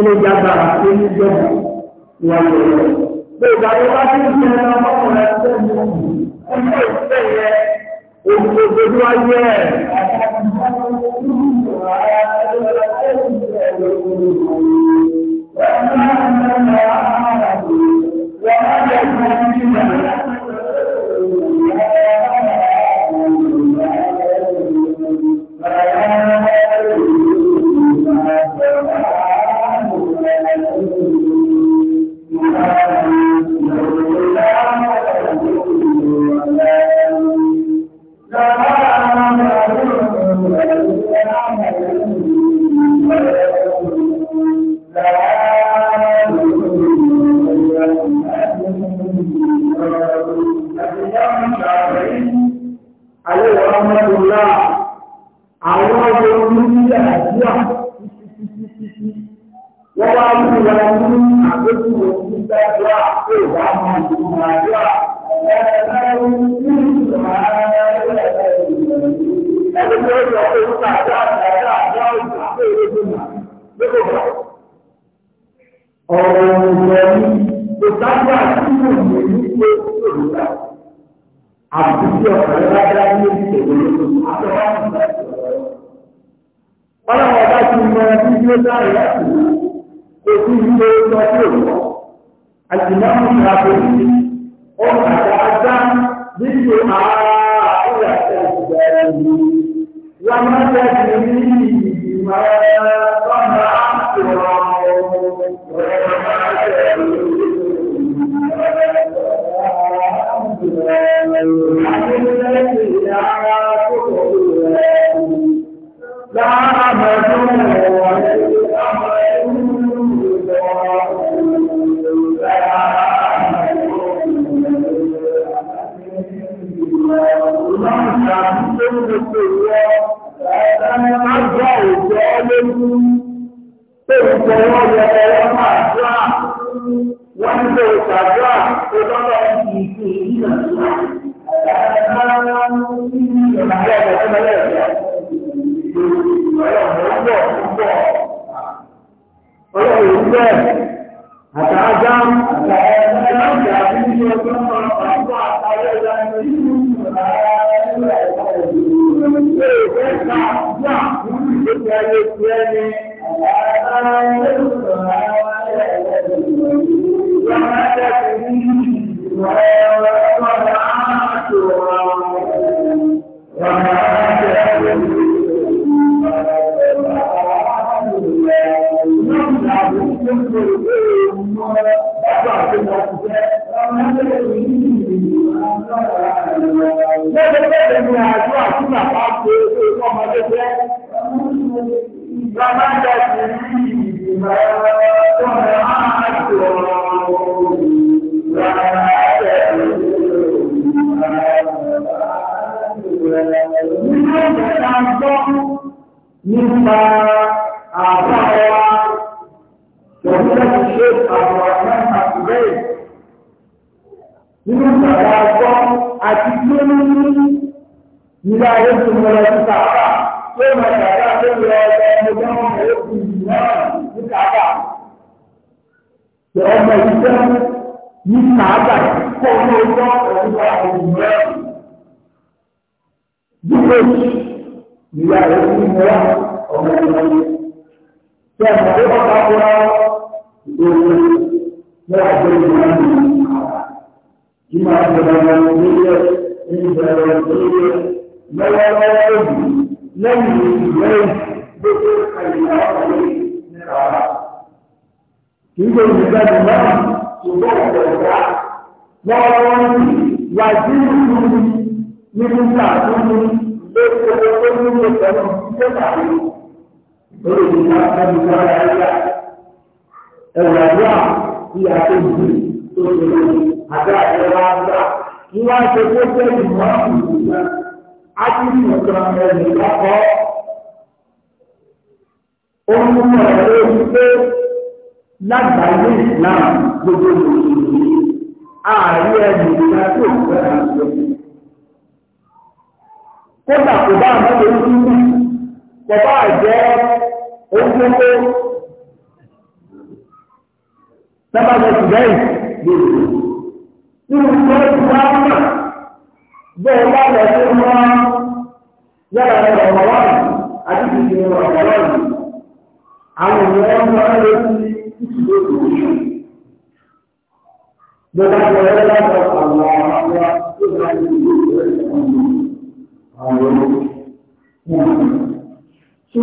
ló jágbára tó ní jẹ́bù ìwà ìrọ̀lẹ́? Bí ìgbàgbọ́ bá tí ń jẹ́ ọmọkùnrin ẹgbẹ́ mi, ọmọ ìfẹ́ yẹ, òṣèlú ayé ẹ̀. Wọ́n máa ń mẹ́rin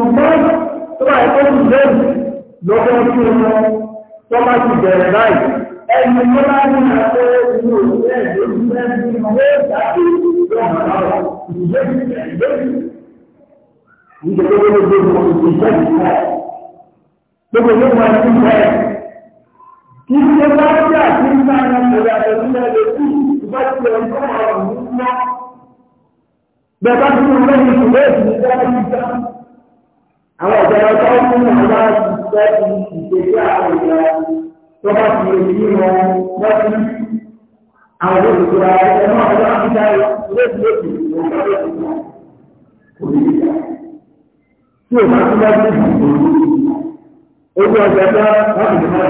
ṣùgbọ́n tó bá ẹ̀kọ́ ti lẹ́yìn lọ́jọ́ tí ó lọ tó bá ti bẹ̀rẹ̀ báyìí ẹni tó bá ní àpò ìlú òṣèlú ẹ̀jẹ̀ ìṣẹ́ ní ọwọ́ ìdájú lọ́wọ́ àwọn ìṣẹ́ ìṣẹ́ ìṣẹ́ ìṣẹ́ ìṣẹ́ ìṣẹ́ Gbogbo ló máa ti bẹ̀rẹ̀. Kí ṣe bá ń yà sí ìgbà yẹn lórí àtẹ̀sílẹ̀ lè kú ìgbà tí ẹ̀ ń kọ́ ọ̀rọ̀ nígbà. Bẹ̀rẹ̀ bá ti mú lẹ́yìn ìwé ìdílé ìjọba àwọn ìjọba tó ń mú àwọn àṣìṣe ìṣèjú àwọn ìjọba tó bá fi èyí wọn wọ́n ti àwọn olùkọ́ ẹgbẹ́ náà wọ́n á fi dá lóṣìṣẹ́ ìwọ̀n lọ́wọ́ ìwọ̀n kò ní ìjà tí o máa tún bá tún ìdìbò ojú ọjà bá wọn lè má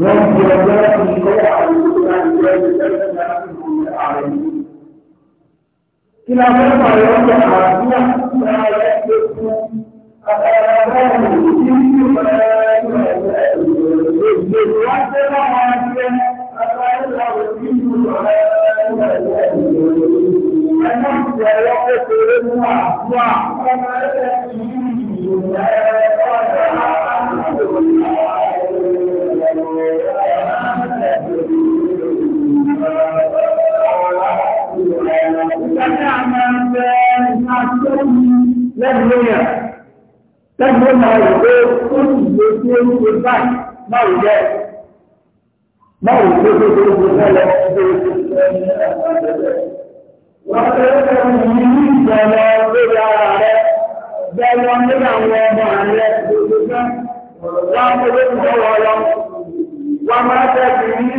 wọn fi ọjọ́ ìkọ́wọ́ àwọn olùkọ́ àti ìjọba ìjọba ìjọba ìjọba إلى مرة يوم العربية لا يكون Thank you. náà máa bẹ àtọ́jú lẹ́gbẹ̀ẹ́ lẹ́gbẹ̀ẹ́ máa rò pé ó sì lè ṣe é ṣe báyìí máa rò jẹ́ máa rò pé ó ṣe é ṣe fẹ́lẹ̀ ṣe é ṣe wọ́n ní ìjọba lórí ara rẹ̀ bẹ́ẹ̀ wọ́n ní àwọn ọmọ rẹ̀ lójú fẹ́ wọ́n fẹ́ lójú lọ́wọ́ lọ wọ́n máa tẹ̀sí ní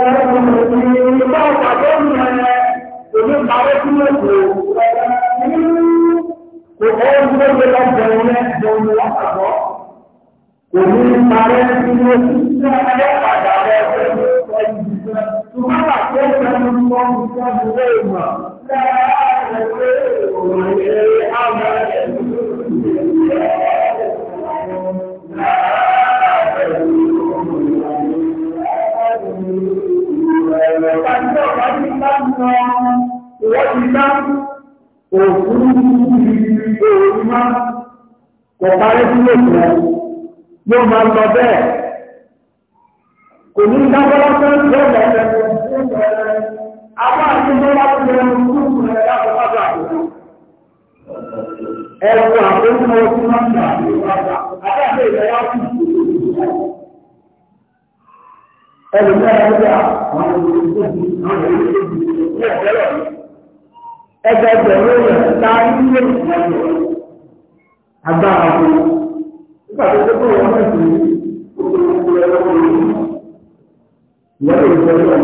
Ìgbà ọ̀pàdé ìrìnlẹ̀ òní ìgbàwó tí ó kò kò kọ́ ọdún ó gbé lọ bẹ̀rẹ̀ rẹ̀ bẹ̀rẹ̀ látàkọ́. Kò ní ìparẹ́ tí ó kù sí ọ̀pàdé padà rẹ̀ Ṣùgbọ́n àti ẹgbẹ́ mi mọ́ mi sọ́ mi lé ìmọ̀. Láàárín ẹgbẹ́ òun ṣe àwọn ẹgbẹ́ bá ń lọ ìwọ́n ti dá òfurufú ìrìn máa kò parí sí lòpọ̀ yóò máa lọ bẹ́ẹ̀ kò ní dábọ́lá tó ń lọ lọ́wọ́ àwọn àtúntọ́lá tó lọ ní kúrùkù ẹni tí a yà wípé àwọn ẹgbẹ̀rún yẹn ta nílé ìgbàgbọ́ agbára fún nígbà tó tó kúrò wọn sì gbogbo ẹgbẹ̀rún yẹn ìwé ìwé ìwé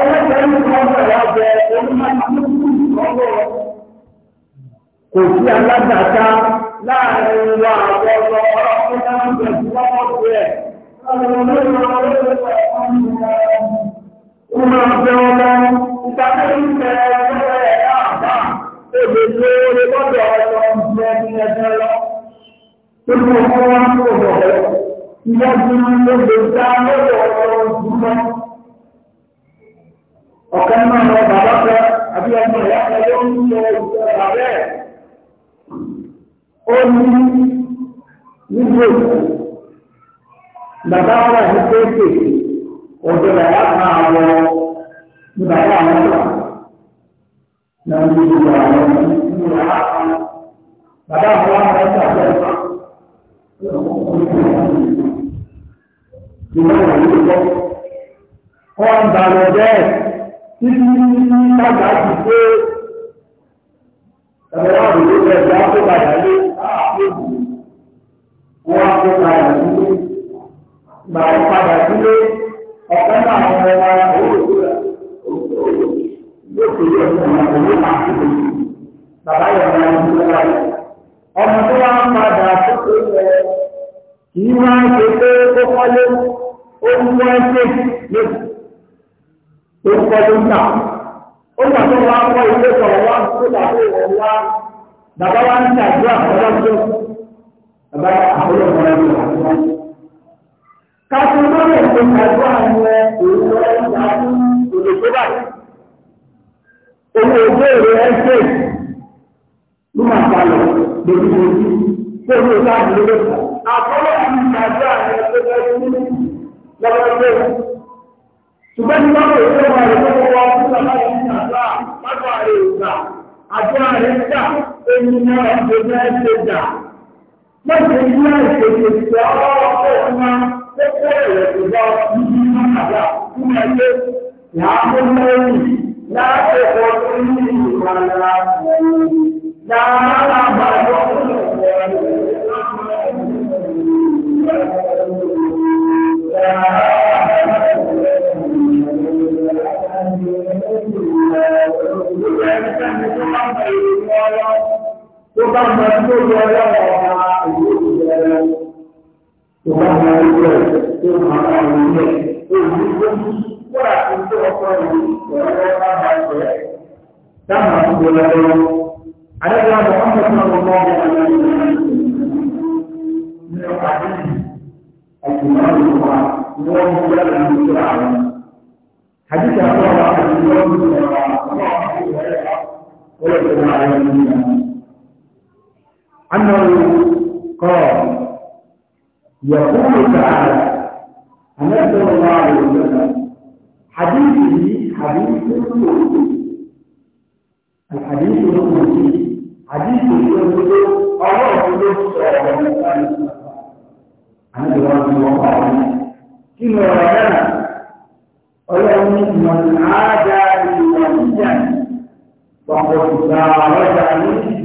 ẹgbẹ̀rún kan bẹ̀rẹ̀ ọbẹ̀ onímọ̀ kò sí alágbàtà láàrin wa àwọn ọ̀rọ̀ ọ̀rọ̀ tó náà ń bẹ̀rù lọ́wọ́ rẹ̀ ọ̀rọ̀ lórí ọ̀rọ̀ rẹ̀ kú máa fẹ́ ọmọ ìpàdé ìfẹ́ ẹgbẹ́ àbá èdè tó lè gbọ́dọ̀ ọ̀rọ̀ ìfẹ́ ní ẹgbẹ́ lọ. Tó ní ọmọ wọn kò bọ̀ ọ́, ìwọ́jú ló lè dá lọ́dọ̀ ọ̀rọ̀ ìdúró. Ọ̀kan náà lọ bàbá fẹ́ àbí ọmọ ìyá fẹ́ ló ń lọ ìfẹ́ bàbẹ́ ẹ̀. Ó ní nígbè bàbá wà ní kéékèèké òjò bàbá kan àwọ̀ ní bàbá àwọn ọ̀gá náà ní ìlú àwọn ìlú bàbá kan bàbá àwọn ọ̀gá ọ̀gá ọ̀gá ọ̀gá ìlú àwọn ìlú kọ́ wọ́n ń balẹ̀ bẹ́ẹ̀ títí bàbá ti pé ẹ̀rọ àbúrò bẹ́ẹ̀ bí a tó padà lé àpébù wọ́n á tó padà sílé gbà padà sílé ọ̀pọ̀ náà àwọn ọmọ wa yóò fi yọ ọmọ òwe máa fi lè bàbá yọ ọmọ ẹni tó wáyé ọmọ tó wá ń padà tó tó yẹ kì í máa ń ṣe pé ó kọ́lé ó ń wọ ẹsẹ̀ lókè tó ń kọ́lé náà ó gbà tó wá kọ́ ilé sọ̀rọ̀ wá tó dàbí ìwọ̀n wá bàbá wa ń ṣàdúrà ọlọ́jọ́ bàbá àbúrò ọmọ ẹni tó wáyé káṣí lórí ẹ̀sìn kájú àwọn èrò ẹ̀yà òde tó báyìí. Owó ojú èrò ẹ̀sìn ló máa balẹ̀ lórí ojú tó ní ìta ìlú lọ́sọ̀. Àkọ́lọ́ ti kájú àwọn ẹgbẹ́ ẹ̀sìn lọ́wọ́ ẹgbẹ́ rẹ̀. Ṣùgbọ́n ní wọ́n lè fẹ́ wọn lọ́wọ́ wọn fún bàbá yìí ní àdúrà lágbàá rẹ̀ ìgbà. Àdúrà rẹ̀ gbà, ènìyàn ọ̀gbẹ̀dẹ̀ ẹ̀ṣẹ̀ gbà láti ní àìsèké ti ọlọ́wọ́ pé ọmọ tó kó èrè tó bá níbi mọ́tàlá fún ayé láàmúlẹ́yìn láti ọkọ̀ tó ní ìmọ̀lára láàmúlá bá lọ fún Thank you tó bá tó yọ lọ́wọ́ ọ̀la ìlú ìjẹrẹ tó bá ìlú ẹ̀ tó mọ àwọn ìlú ẹ̀ èyí tó ń kóra tó tó ọkọ ìlú ìjẹrẹ bá máa jẹ dáhà tó yọ lọ́wọ́ àdéhùn àwọn ọmọ tó ń bọ̀ ọmọ ìlú ní ọ̀pá yìí ẹ̀sìn náà ló wà ní wọ́n mú yàrá ìlú tó rà wọn. حديث أبو الله عن الله ولا ولا أنه قال يقول تعالى أن صلى الله عليه وسلم حديثه حديث القدسي الحديث القدسي حديث القدسي الله يقول أنا دلوقتي وقعت إن رأينا قال من عادى لي فقد فقد منه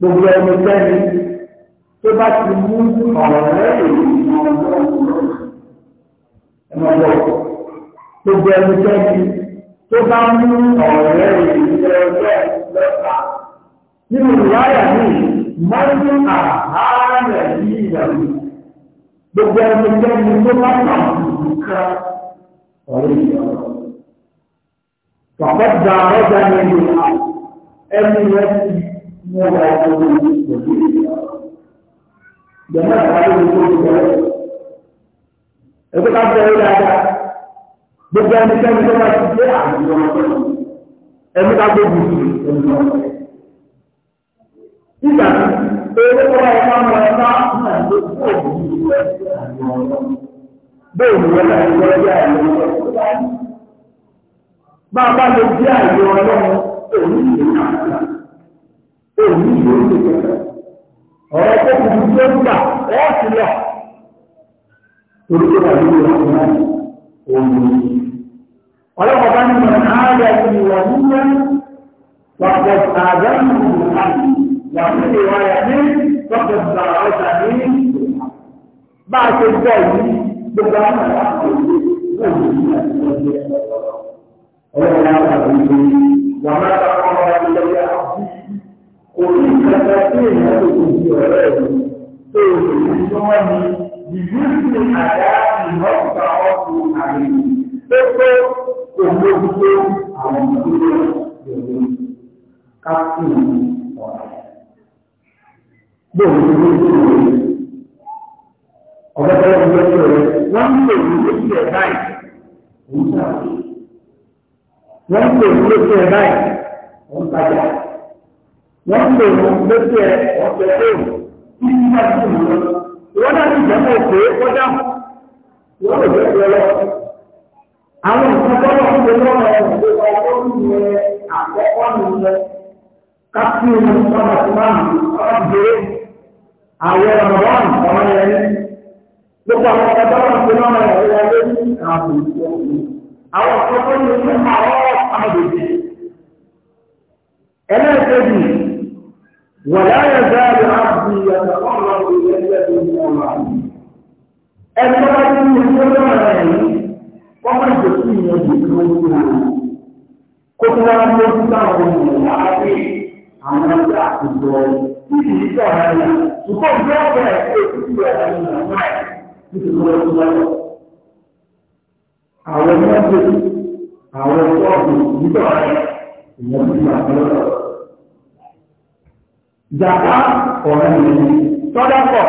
gbogbo ẹni sẹ́ni tó bá ti mú ọ̀rọ̀ lẹ́yìn ẹ̀mọ̀gbọ̀ gbogbo ẹni sẹ́ni tó bá mú ọ̀rọ̀ lẹ́yìn nínú ìwáyà ní mọ́nú àhárẹ̀ yìí ìyàwó gbogbo ẹni sẹ́ni tó bá pàtàkì kan ọ̀rẹ́ ìyàwó Fàkọ́dà ọjà ní ìlú ẹni rẹ̀ ní ọ̀la ìgbàlódé ìgbàlódé ìgbàlódé ìgbàlódé ìgbàlódé ẹgbẹ́ ká bẹ̀rẹ̀ dáadáa gbogbo ẹni sẹ́ni tó bá ti dé àwùjọ ẹni ká gbé gbùgbù ẹni lọ. nígbà tí ewé tó wáyé ká mọ ẹ̀ka náà ló kó òbí bẹ́ẹ̀ ni wọ́n láti lọ yá ẹ̀rọ bá a bá lè jẹ́ àyè ọlọ́run òun ìlú náà òní ìlú ìlú kẹta ọ̀rọ̀ tó kù ní tó ń gbà ọ́ sí lọ. Orúkọ àti ìlú ìlú náà òní. Ọlọ́pàá bá ní mọ̀ ààrẹ ìwà nílẹ̀ wàpọ̀ àdánù àti wàpọ̀ ìwà rẹ̀ ní wàpọ̀ ìgbàlá ọjà ní bá a ṣe gbọ́ yìí gbogbo àwọn àwọn àwọn olùdíje ọlọ́pàá àwọn olùdíje wàmọ́ àtàkùn ọmọ ìlú ìlú kò ní ìkẹta tí èèyàn lè kò di ọ̀rẹ́ rẹ̀ tó o lè fi tí wọ́n ní ìlú ní àdá ìmọ̀ọ́ta ọ̀tún àrè tó tó kò mójútó àwọn ìdílé ìlú kápù ọ̀rẹ́. Bóòlù ti ní ìlú rẹ̀. Ọ̀gá tó ń gbé ní oṣù ẹ̀ báyìí. Wọ́n ń tajà wọ́n lè rún lókè ọ̀pẹ̀ lóòrùn tí wọ́n ti mú lọ. Wọ́n náà ti jẹ́mọ̀ pé ó dáhùn. Wọ́n lè jẹ́ pé lọ. Àwọn nǹkan tó lọ sí lọ́wọ́ ìgbéga olóyè àkọ́kọ́ nìyẹn. Kápí omi ọmọ tí máa ń ọmọ bèrè. Àwọn ọmọ wa ń sọ̀rọ̀ yẹn ní. Gbogbo àwọn ọmọ tó lọ sí lọ́wọ́ ìgbéga lórí ààbò ìṣòwò. Àwọn ọ̀pọ̀ tó lè fún àwọn ọ̀pọ̀ àbòjì. Ẹlẹ́ẹ̀kejì ولا يزال عبدي يتقرب الي بالمعروف ẹni tó bá ti ní ìṣe lọ́wọ́ rẹ̀ yìí wọ́n máa jẹ́ kí ìyẹn di ìlú ìlú kó tó wá ní ojú táwọn ènìyàn wá pé àwọn ọjà àtijọ́ títí ìṣe ọ̀rẹ́ yẹn ṣùgbọ́n ìjọ ọ̀rẹ́ ẹ̀ pé títí ọ̀rẹ́ yẹn náà títí lọ́wọ́ tó lọ́wọ́. àwọn ẹgbẹ́ àwọn ẹgbẹ́ ọ̀gbìn ìjọ Zàká ọ̀rẹ́ mi ni sọ́dápọ̀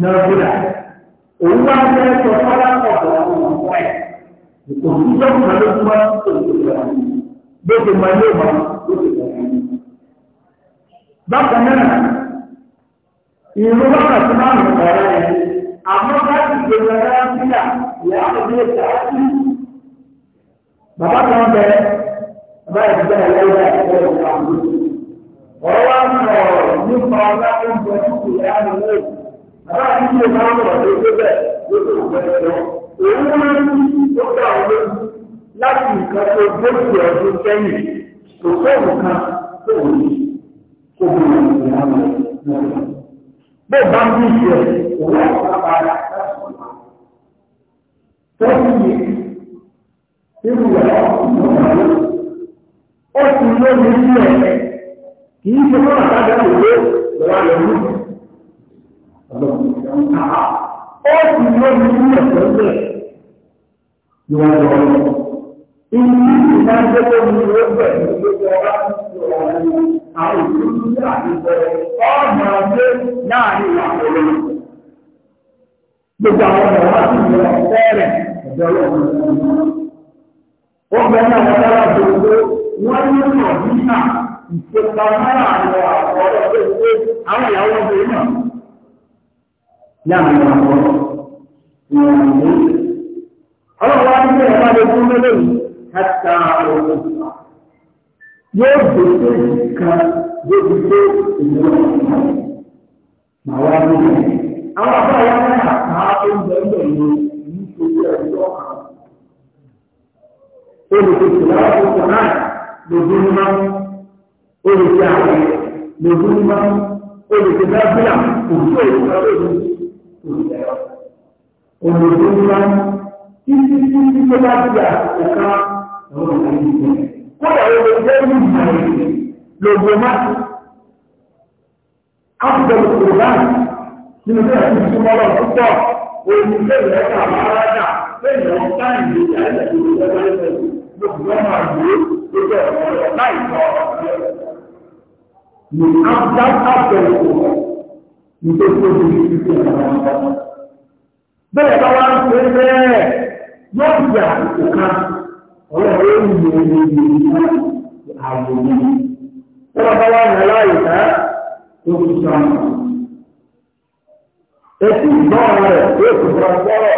náà gbọ́dà. Òun wá jẹ́ sọ sọ́dápọ̀ tó wà fún ọ̀pọ̀ ẹ̀. Òkùnkùn tó kàn ló kú máa ń tó ìgbà yìí. Gbèsè máa lé wọn ló ti gbà yìí. Bákan náà, ìlú bàbà tí máa ń sọ̀rọ̀ ẹ̀. Àmọ́ láti gbèsè ara ọ̀rọ̀ wá nípa ọlọ́run tó ń bọ̀ nípa ìyá mi wò. Bàbá mi ṣe máa ń rọ̀ lé lọ. Òun ló ń bí tó dà ọ́ lójú láti nǹkan tó gbóòtù ọdún sẹ́yìn. Kò sóòrùn kan tó wù ú kó bí wọ́n ti rà mọ́ lọ́wọ́. Bó bá ń bí ìṣe òun ọ̀pá bára tọ́sí irú ẹ̀ ó ti lómi sí ẹ̀ kì í àtàgbà òwe lọ́wọ́ rẹ̀ mú. ó sì lọ ní ilé ẹ̀kọ́ ọ̀rá ní àwọn ìlú ní àwọn ọ̀rọ̀. Gbogbo àwọn ọ̀rọ̀ wá sí ìwà ọ̀fẹ́ rẹ̀ ọ̀dọ́ Ó bẹ̀rẹ̀ náà ìjọba náà àwọn àwọn ọ̀rọ̀ tó ṣe àwọn ìyàwó obìnrin náà láàrin àwọn ọ̀rọ̀ ìwọ̀n ìwé. ọlọ́wọ́ á ń bẹ̀rẹ̀ bá lè fún lélẹ̀ yìí láta ọ̀rọ̀ yóò gbèsè kan débi pé ìwọ̀n màá wá ní ẹ̀. àwọn àbúrò o lè ṣe àwọn lòdù ní máa ó lè ṣe dábìlà kò tó èyí kan lè ní òlòdù ní máa títí títí tó bá bí àkókò àwọn ìlànà ìlú kódà ó lè jẹ́ ìlú ìlànà lòdù má áfíkà lòdù bá nínú bí àti ìtumọ̀ lọ púpọ̀ òní lẹ́yìn ẹ̀ka àmàlàdà lẹ́yìn ọ̀tá ìlú ìyá ìlú ìjọba ìlú lòdù ọmọ àgbò lójú ọ̀rọ̀ láìpọ̀ ọ̀rọ̀ ní after after ìṣòro ní tó tó di títí ìrànlọ́wọ́. bẹ́ẹ̀ bá wá ń pè bẹ́ẹ̀ yóò fi àkókò kan ọ̀rọ̀ yóò ń yẹ ẹni ní ààyè yìí. tó bá wá ń rẹ̀ láàyè ká tó fi sọ àwọn. etí ìgbọ́n rẹ̀ yóò fi sọ ọgbọ́rọ̀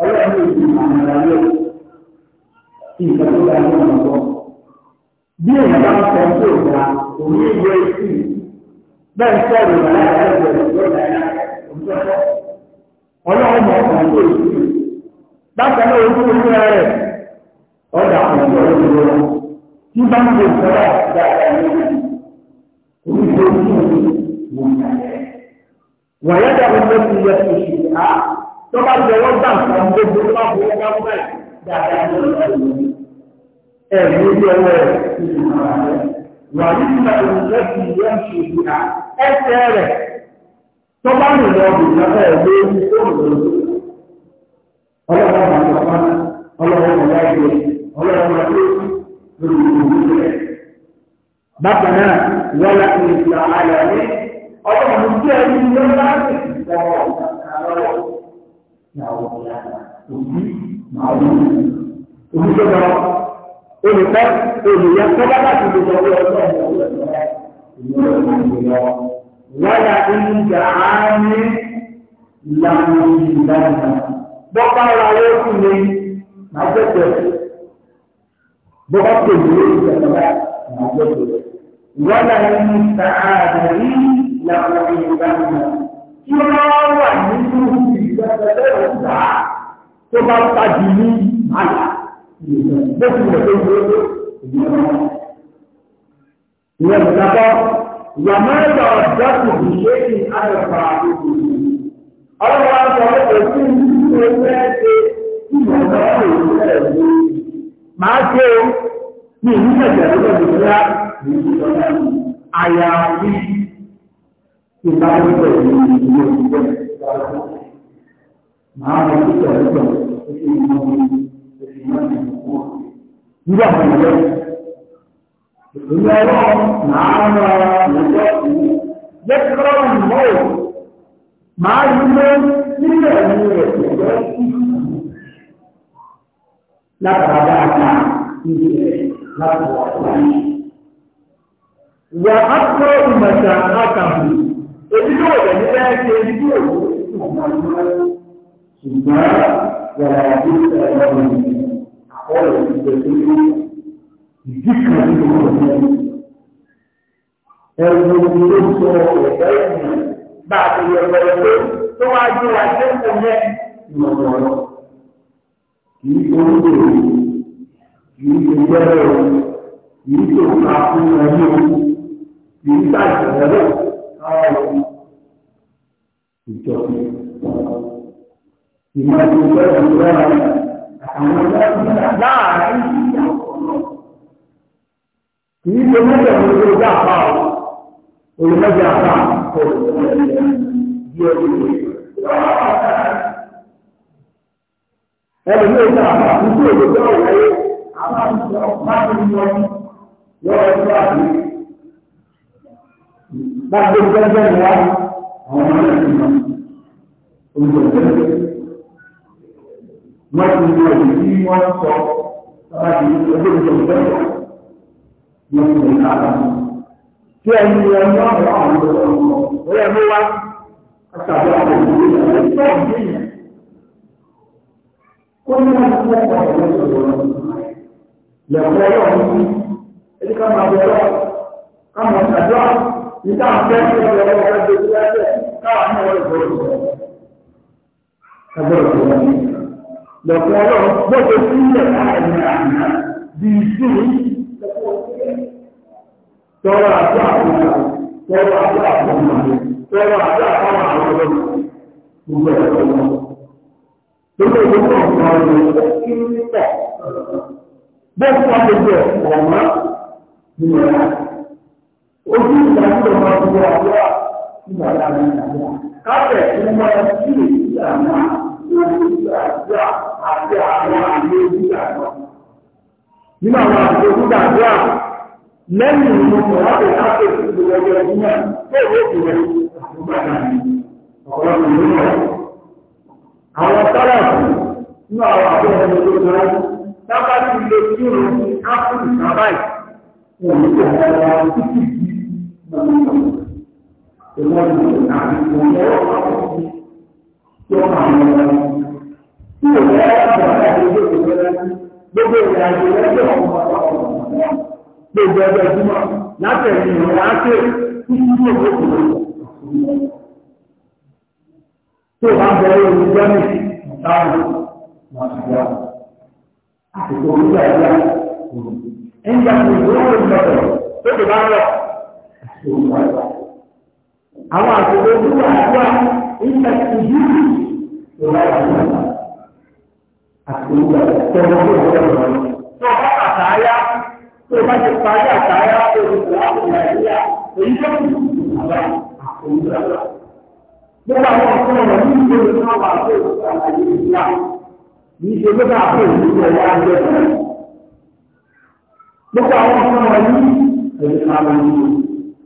ọlọ́run yóò fi àwọn àlàyé ìgbàlódé àwọn ọ̀gbọ́n. bí èèyàn bá ń sọ sí òkúta òun ìwé ìsì bẹ́ẹ̀ sọ̀rọ̀ ìwà ẹgbẹ̀rún lọ́dà ẹ̀yà òṣèlú ọlọ́run mọ̀ ọ̀kan tó ìsì bákan náà ojú ojú rẹ̀ ọ̀dà ọ̀dọ̀ ọ̀dọ̀ tí bá ń gbé ìfọ́lá dáadáa ní òun ìwé ìsì mọ̀ wàyà dàbí lọ́sí yẹ kò sì á tó bá jẹ wọ́n gbà nǹkan gbogbo tó bá fọwọ́ bá wọ́n báyìí dáadáa ní ọ̀dọ̀ ẹ̀mí ìwé ọwọ́ ẹ̀ wàlúùmọ̀ ìrìnlẹ̀ ti yẹ ń ṣe ìgbà ẹsẹ̀ rẹ̀ tó bá rìn lọ bìnrin lọ́fẹ̀ lórí fóònù ọlọ́wọ́ máa lọ fún ọlọ́wọ́ máa yá ìwé ọlọ́wọ́ máa lọ sí lórí ìlú rẹ̀. bákan náà wọ́n lá olùkọ́ olùyẹ kọ́lá láti lè sọ wọ́n lọ́wọ́ wọ́yà ìjà ààrẹ lànà ìlànà bọ́pá ara rẹ̀ kù ní àjẹsẹ̀ bọ́pá pèlú ìjọba àjẹsẹ̀ wọ́yà ìjà ààrẹ lànà ìlànà tí wọ́n wà nínú ìjọba tó bá pàdé ní àlà bẹ́ẹ̀ ni ọ̀dọ́ ìwé ìwé ìdàpọ̀ yàmẹ́ta ọ̀dọ́kù ìṣe ní àyọ̀fà ọlọ́wọ́ sọ èsì ìṣe mẹ́ẹ̀ẹ́dẹ́ ìmọ̀lá òṣìṣẹ́ ẹ̀dẹ́ máa ṣe o ní ìlú ẹ̀jẹ̀ lọ́wọ́ ìṣẹ́lá àyàfi ìbáwọ̀ ìlú ìlú ìlú máa lọ sí ìṣẹ̀lẹ̀ nígbà tó ń lọ ìlú ọ̀rọ̀ máa ń ra ìjọ yẹ́kọ̀ọ́ ìmọ̀ máa ń lé nílẹ̀ ní rẹ̀ ìjọ látara dáadáa níbi rẹ̀ láti wà láyé. Wà á kọ́ ìmọ̀ta àkàbù, èyí yóò rẹ̀ ní bẹ́ẹ̀ ṣe ní òwú àkọọ́lẹ̀ ìgbẹ́ tó tó ìdíkà nínú ọ̀rọ̀ ẹ̀rù ló sọ ẹ̀dá ẹ̀yìn bá a ti yẹ ọ̀rọ̀ pé tó wá ju àjẹkùn yẹn ìmọ̀nà ọ̀rọ̀ kì í torí èrò kì í ṣe gbẹ́rẹ́ o kì í ṣe òkà fún ẹni o kì í ṣe àjẹkùn ọ̀rọ̀ ìjọba ìmọ̀ ìjọba ìjọba láàárín kì í ṣe tó ṣe ojú àpá o olùmọ́jọ àpá kò di ọdún yìí. ẹni ní ojú àpá ìṣe òde tó wà àpá ìṣe ọ̀pá wọ́n ti mọ èyí tí wọ́n sọ láti ọjọ́ ìjọba ìjọba wọ́n ti mọ̀ náà tí ẹni ẹni ọ̀rọ̀ àwọn ọ̀rọ̀ ọ̀rọ̀ ẹ̀mú wá àtàbí àwọn ìwé ìjọba ìjọba kó ní wọ́n ti mọ̀ ọ̀rọ̀ ọ̀rọ̀ lẹ̀kọ́ ọlọ́run ní ẹni ká máa bẹ̀rẹ̀ ká máa ṣàdúrà ní táwọn fẹ́ ní ọ̀rọ̀ ọ̀rọ̀ ọ̀rọ̀ ọ̀rọ̀ káwọn ní ọ̀rọ̀ ìgbọ̀rọ̀ ìgbọ̀rọ̀ lọ́pọ̀ ọlọ́run gbọ́dọ̀ sílẹ̀ láàrin àná bí i sí tọrọ àjọ àwọn tọrọ àjọ àwọn tọrọ àjọ àwọn àwọn ọlọ́run gbogbo ẹ̀rọ wọn. Gbogbo ìlú náà ń lọ rẹ̀ ó kí ń pọ̀. Bẹ́ẹ̀ fún agbègbè ọ̀mọ́ ni ẹ̀rọ. Ojú ìgbà tí ọmọ ọdún wa wá ìgbà láàrin àná. Káfẹ̀ ìmọ̀ ẹ̀ sí ìlú àná lórí ìgbàdúrà àti àwọn àlejò ìgbàdúrà. Nínú àwọn àlejò ìgbàdúrà, lẹ́yìn ìlú ọ̀rọ̀ ìdájọ́ ìlú ọjọ́ ìgbìmọ̀ tó ìwé ìwé ìgbàdúrà ọ̀rọ̀ ìlú náà. Àwọn sọ́lá nínú àwọn àbúrò ọmọ tó lọ sábà ti lè kí òun ní áfíríkì sábà yìí. Wọ́n ní kí ọ̀rọ̀ àwọn títí yìí lọ́wọ́. Ìwọ́n ní àbí ìwọ́n tó máa ń lọ. Tí o bá yára bọ̀ ọ́ láti ilé ìwé rẹ̀, gbogbo ìrìn àjò rẹ̀ yọ̀ ọ́ gbogbo ọjọ́ ìjúmọ̀ látẹ̀yìn ìrìn àjò títí ní òkú òkú. Tí o bá ń bẹ̀rẹ̀ omi jẹ́mi táwọn màtìgbà àtìkò orí àyà ẹ̀ńdà kò lówó ìlọ́dọ̀ tó ti bá rọ̀ Àwọn àtìkò orí àyà إن السجود لا يعلم السجود تنظر تنظر فقط تعالى فقط تعالى تعالى فقط تعالى Nígbà wọn fún ọ̀rọ̀ ní ìlú ìlú náà wà fún àlàyé ìlà. Yìí ṣe ló bá fún ìlú ìlú ẹ̀yà ẹgbẹ́ rẹ̀. Nígbà wọn fún ọ̀rọ̀ ní ẹ̀yìn àlàyé.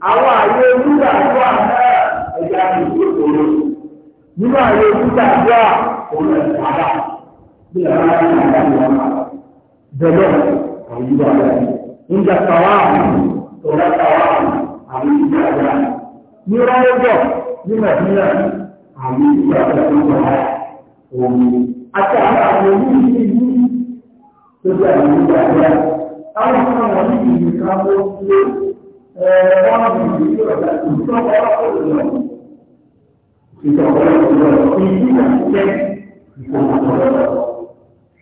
Àwọn àyè olúdà tó àná ẹ̀yà nínú àyè òkúta àdúrà òun ẹ̀ sàdá bí àwọn ará ní àdá ìwà bẹ̀rẹ̀ àwọn ìlú àdá nígbà tàwa tọ̀rọ̀ tàwa àwọn ìlú àdá ní rọ́lọ́gbọ̀ ní nàìjíríà àwọn ìlú àdá tó wà á òun àti àwọn àwọn ìlú ìlú ìlú tó jẹ́ àwọn ìlú àdá àwọn ìlú àwọn ìlú ìlú kan tó ń gbé ẹ̀ẹ́dọ́gbọ̀n ìlú ọ̀dà ìjọba ìjọba ìjìnà jẹ́ ìjọba ìjọba.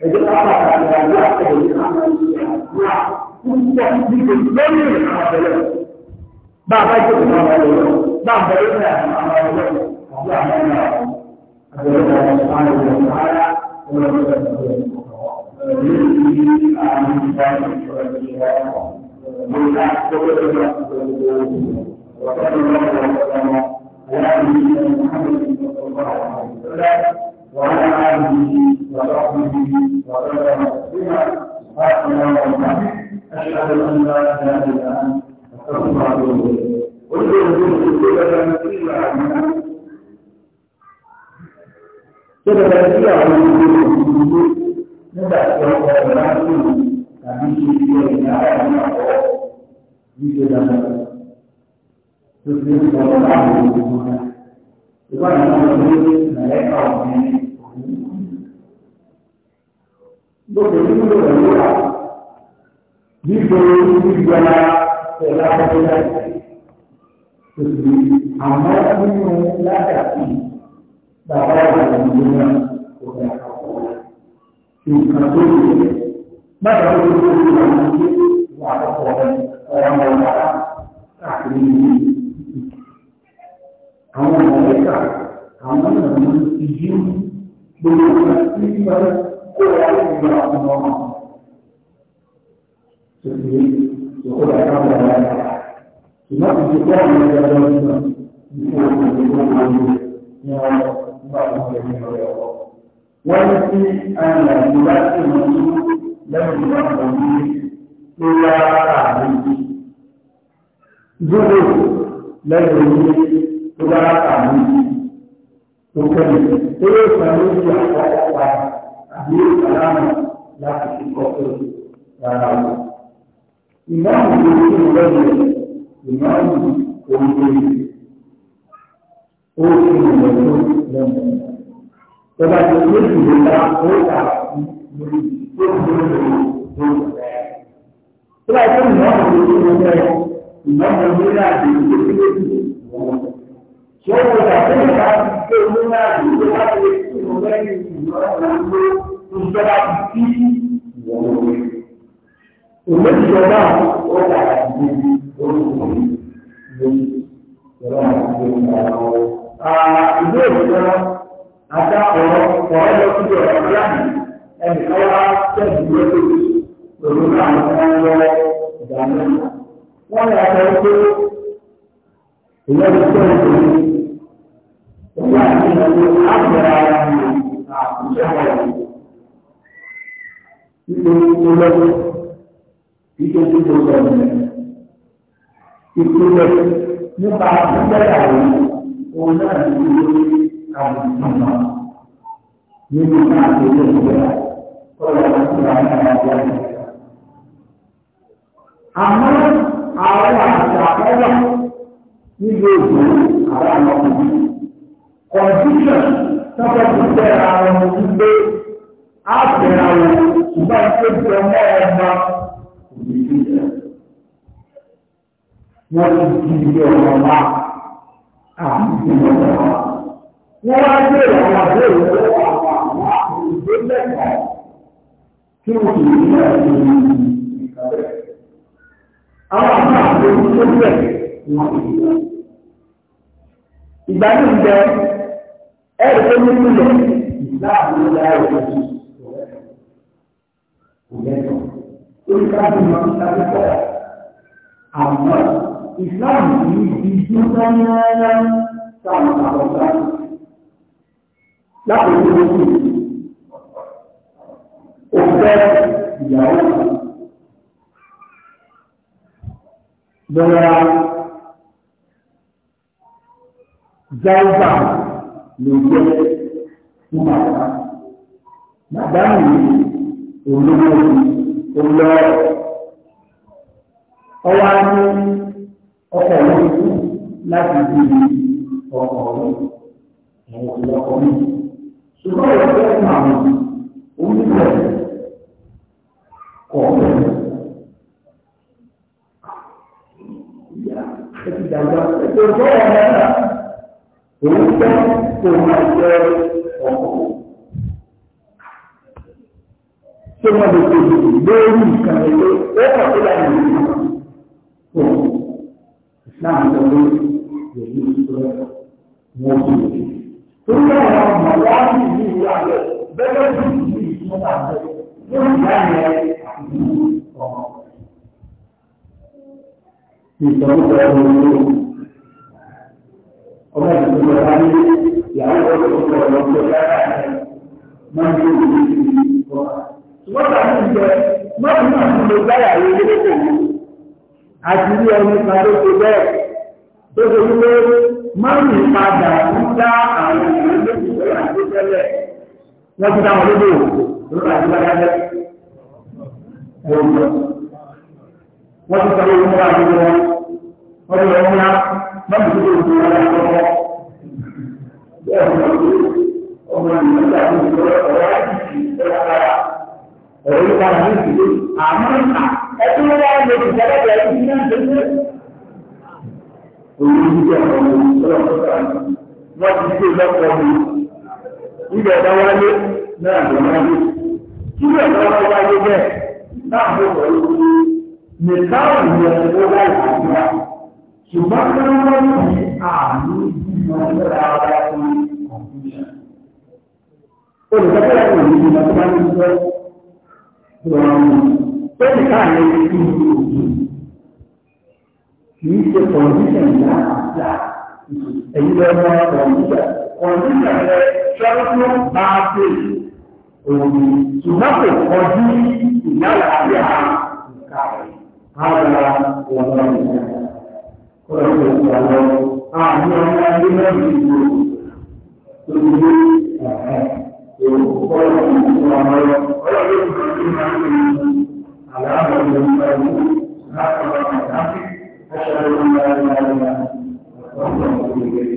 Ẹjọ́ káfà àgbà ní àtẹ̀lé àwọn ìgbà púpọ̀ níbi lórí ìrìnà àbẹ̀lẹ̀. Bá a bá jẹ́ ìjọba àbẹ̀lẹ̀ bá a bẹ̀rẹ̀ ní àwọn àbẹ̀lẹ̀ àbí àbẹ̀lẹ̀ àbẹ̀lẹ̀ àbẹ̀lẹ̀ àbẹ̀lẹ̀ àbẹ̀lẹ̀ Thank you. على نبينا محمد صلى الله عليه وسلم وعلى آله وصحبه وسلم تسليما أشهد أن لا إله إلا أنت أستغفرك وأتوب إليك Kita berarti orang yang tidak berpengalaman, tapi dia tidak ada apa-apa. Dia tidak 就是说大部分情况下，一般人他们会来到我们。Lo que digo lo valora, digo individual, se la va a dar. Entonces, amar a uno la de aquí, la palabra de ninguna o de acá. Sin católico, más a uno de la gente, la palabra de la palabra, la palabra de àwọn àlẹ́kà àwọn ọ̀nà ìjú gbogbo ọ̀nà tí wọ́n kó wá ìgbà àwọn ọmọ tòkè ìkó ẹ̀ka wọn wá ìgbà ìjọ kọ́ àwọn ẹ̀ka lọ sí náà ìkó ọ̀nà ìkó ọ̀nà ní ọ̀nà nígbà tó tó bá rà mí tó kẹ́lẹ̀ tó yóò fẹ́ lórí àkọ́kọ́ wa àbí ìsàlámù láti fi o. garoto tó kí ni lọ́dọ̀ ìmáàmù oúnjẹ ó kí ni lọ́dọ̀ lọ́dọ̀. Tọ́ba tó kí ni lọ́dọ̀ ó kà sí lórí tó kí ni lọ́dọ̀ ó kà sí. ṣé o yà tó ń bá ti gbé owó náà ní ìlú wá lè kí o lẹ́yìn ìlọ́rọ̀ náà ló ń jọba ti kí ìwọ̀n òwe. Òwe ìjọba ó dà bí orúkọ lórí ìjọba àti ìjọba àwọn. Ìlú òṣìṣẹ́ àti ọ̀rọ̀ ọ̀rọ̀ lọ sí Wọ́n yà sọ pé ìyá ìjọba ìjọba Ìpínlẹ̀ nípa ìgbẹ́yàwó òun náà ní ilé àwọn ìgbìmọ̀ nínú àti ilé ìgbéra ọ̀rọ̀ àti àwọn àjọ àjọ. Àmọ́ àwọn àṣà ọ̀rọ̀ nílé ìgbìmọ̀ àwọn ọmọkùnrin kọ̀dúnà tọ́jọ́ tó bẹ̀rẹ̀ àwọn olùgbé àbẹ̀rẹ̀ àwọn ṣùgbọ́n tó jẹ mọ́ ọmọ wọ́n ti di ọmọ wa àti ọmọ wa. Wọ́n wá gbé àwọn àbúrò lọ́wọ́ àwọn àwọn àbúrò lẹ́kọ̀ọ́ kí wọ́n ti di ọmọ wa ní ìkàlẹ̀. Àwọn àbúrò tó bẹ̀rẹ̀ wọ́n ti di ọmọ wa ìgbàlú ń bẹ ẹ̀rù tó ní ìlẹ̀ láàbù ló dáa rẹ̀ lọ́sí. Orí káàdì máa ń sáré pọ̀. Àmọ́ ìsìláàmù yìí di dúdú rárá sáwọn àkọ́kọ́. Lápòjú ló kù. Òfẹ́ ìyàwó jáìbà ló jẹ́ fún bàbá. Bàbá mi olówó olọ́ ọwọ́ á ní ọkọ̀ lórí láti di ọkọ̀ lórí ẹ̀wọ̀n lọ́kọ̀ mi. Ṣùgbọ́n ìwọ́n fẹ́ fún àwọn máa wọ́n lè ṣe lórí nǹkan ẹgbẹ́ ẹ̀kọ́ tó láti lè ṣe tó náà sọ pé èyí wọ́n sì lè. Torí náà wọ́n mọ̀ wá sí ìlú ìlú àgbẹ̀ bẹ́ẹ̀ bí ìlú ìlú àgbẹ̀ lórí ìlú àgbẹ̀ ìlú ọmọ. Ìtọ́jú ọmọ ẹni kan ló ṣe bẹ́ẹ̀ tó ṣe wípé márùn padà ń dá àwọn ènìyàn lójú ìwé tẹ́lẹ̀ wọ́n ti dáwọn lójú lórí àti bá dájẹ́ wọ́n ti sọ̀rọ̀ ìwé múra lójú wọn wọ́n ti lọ múra tó lójú ọmọ ìlú tó ń ẹtún wá lè fi sábà bẹ̀rẹ̀ sí ní ìdílé. Òun ọmọ pẹ́lú káàní ìlú òbí kì ṣe kọ̀ǹdíṣàn náà èyí lọ mọ kọ̀ǹdíṣàn kọ̀ǹdíṣàn rẹ ṣọ́ọ́tún bá ṣùgbọ́n kò kọjú ìyára àbí àwọn ìka àwọn ọmọ ìyá kọ́ra tó ń bọ̀ lọ àwọn ọmọ ẹgbẹ́ náà ní ìlú tó ń gbé ẹ̀ẹ́ tó kọ́ ọ̀rọ̀ ọ̀rọ̀ ọ̀rọ̀ ọ̀rọ̀ ọ̀rọ̀ على أمر المؤمنين لا تبقى أشهد أن لا إله إلا الله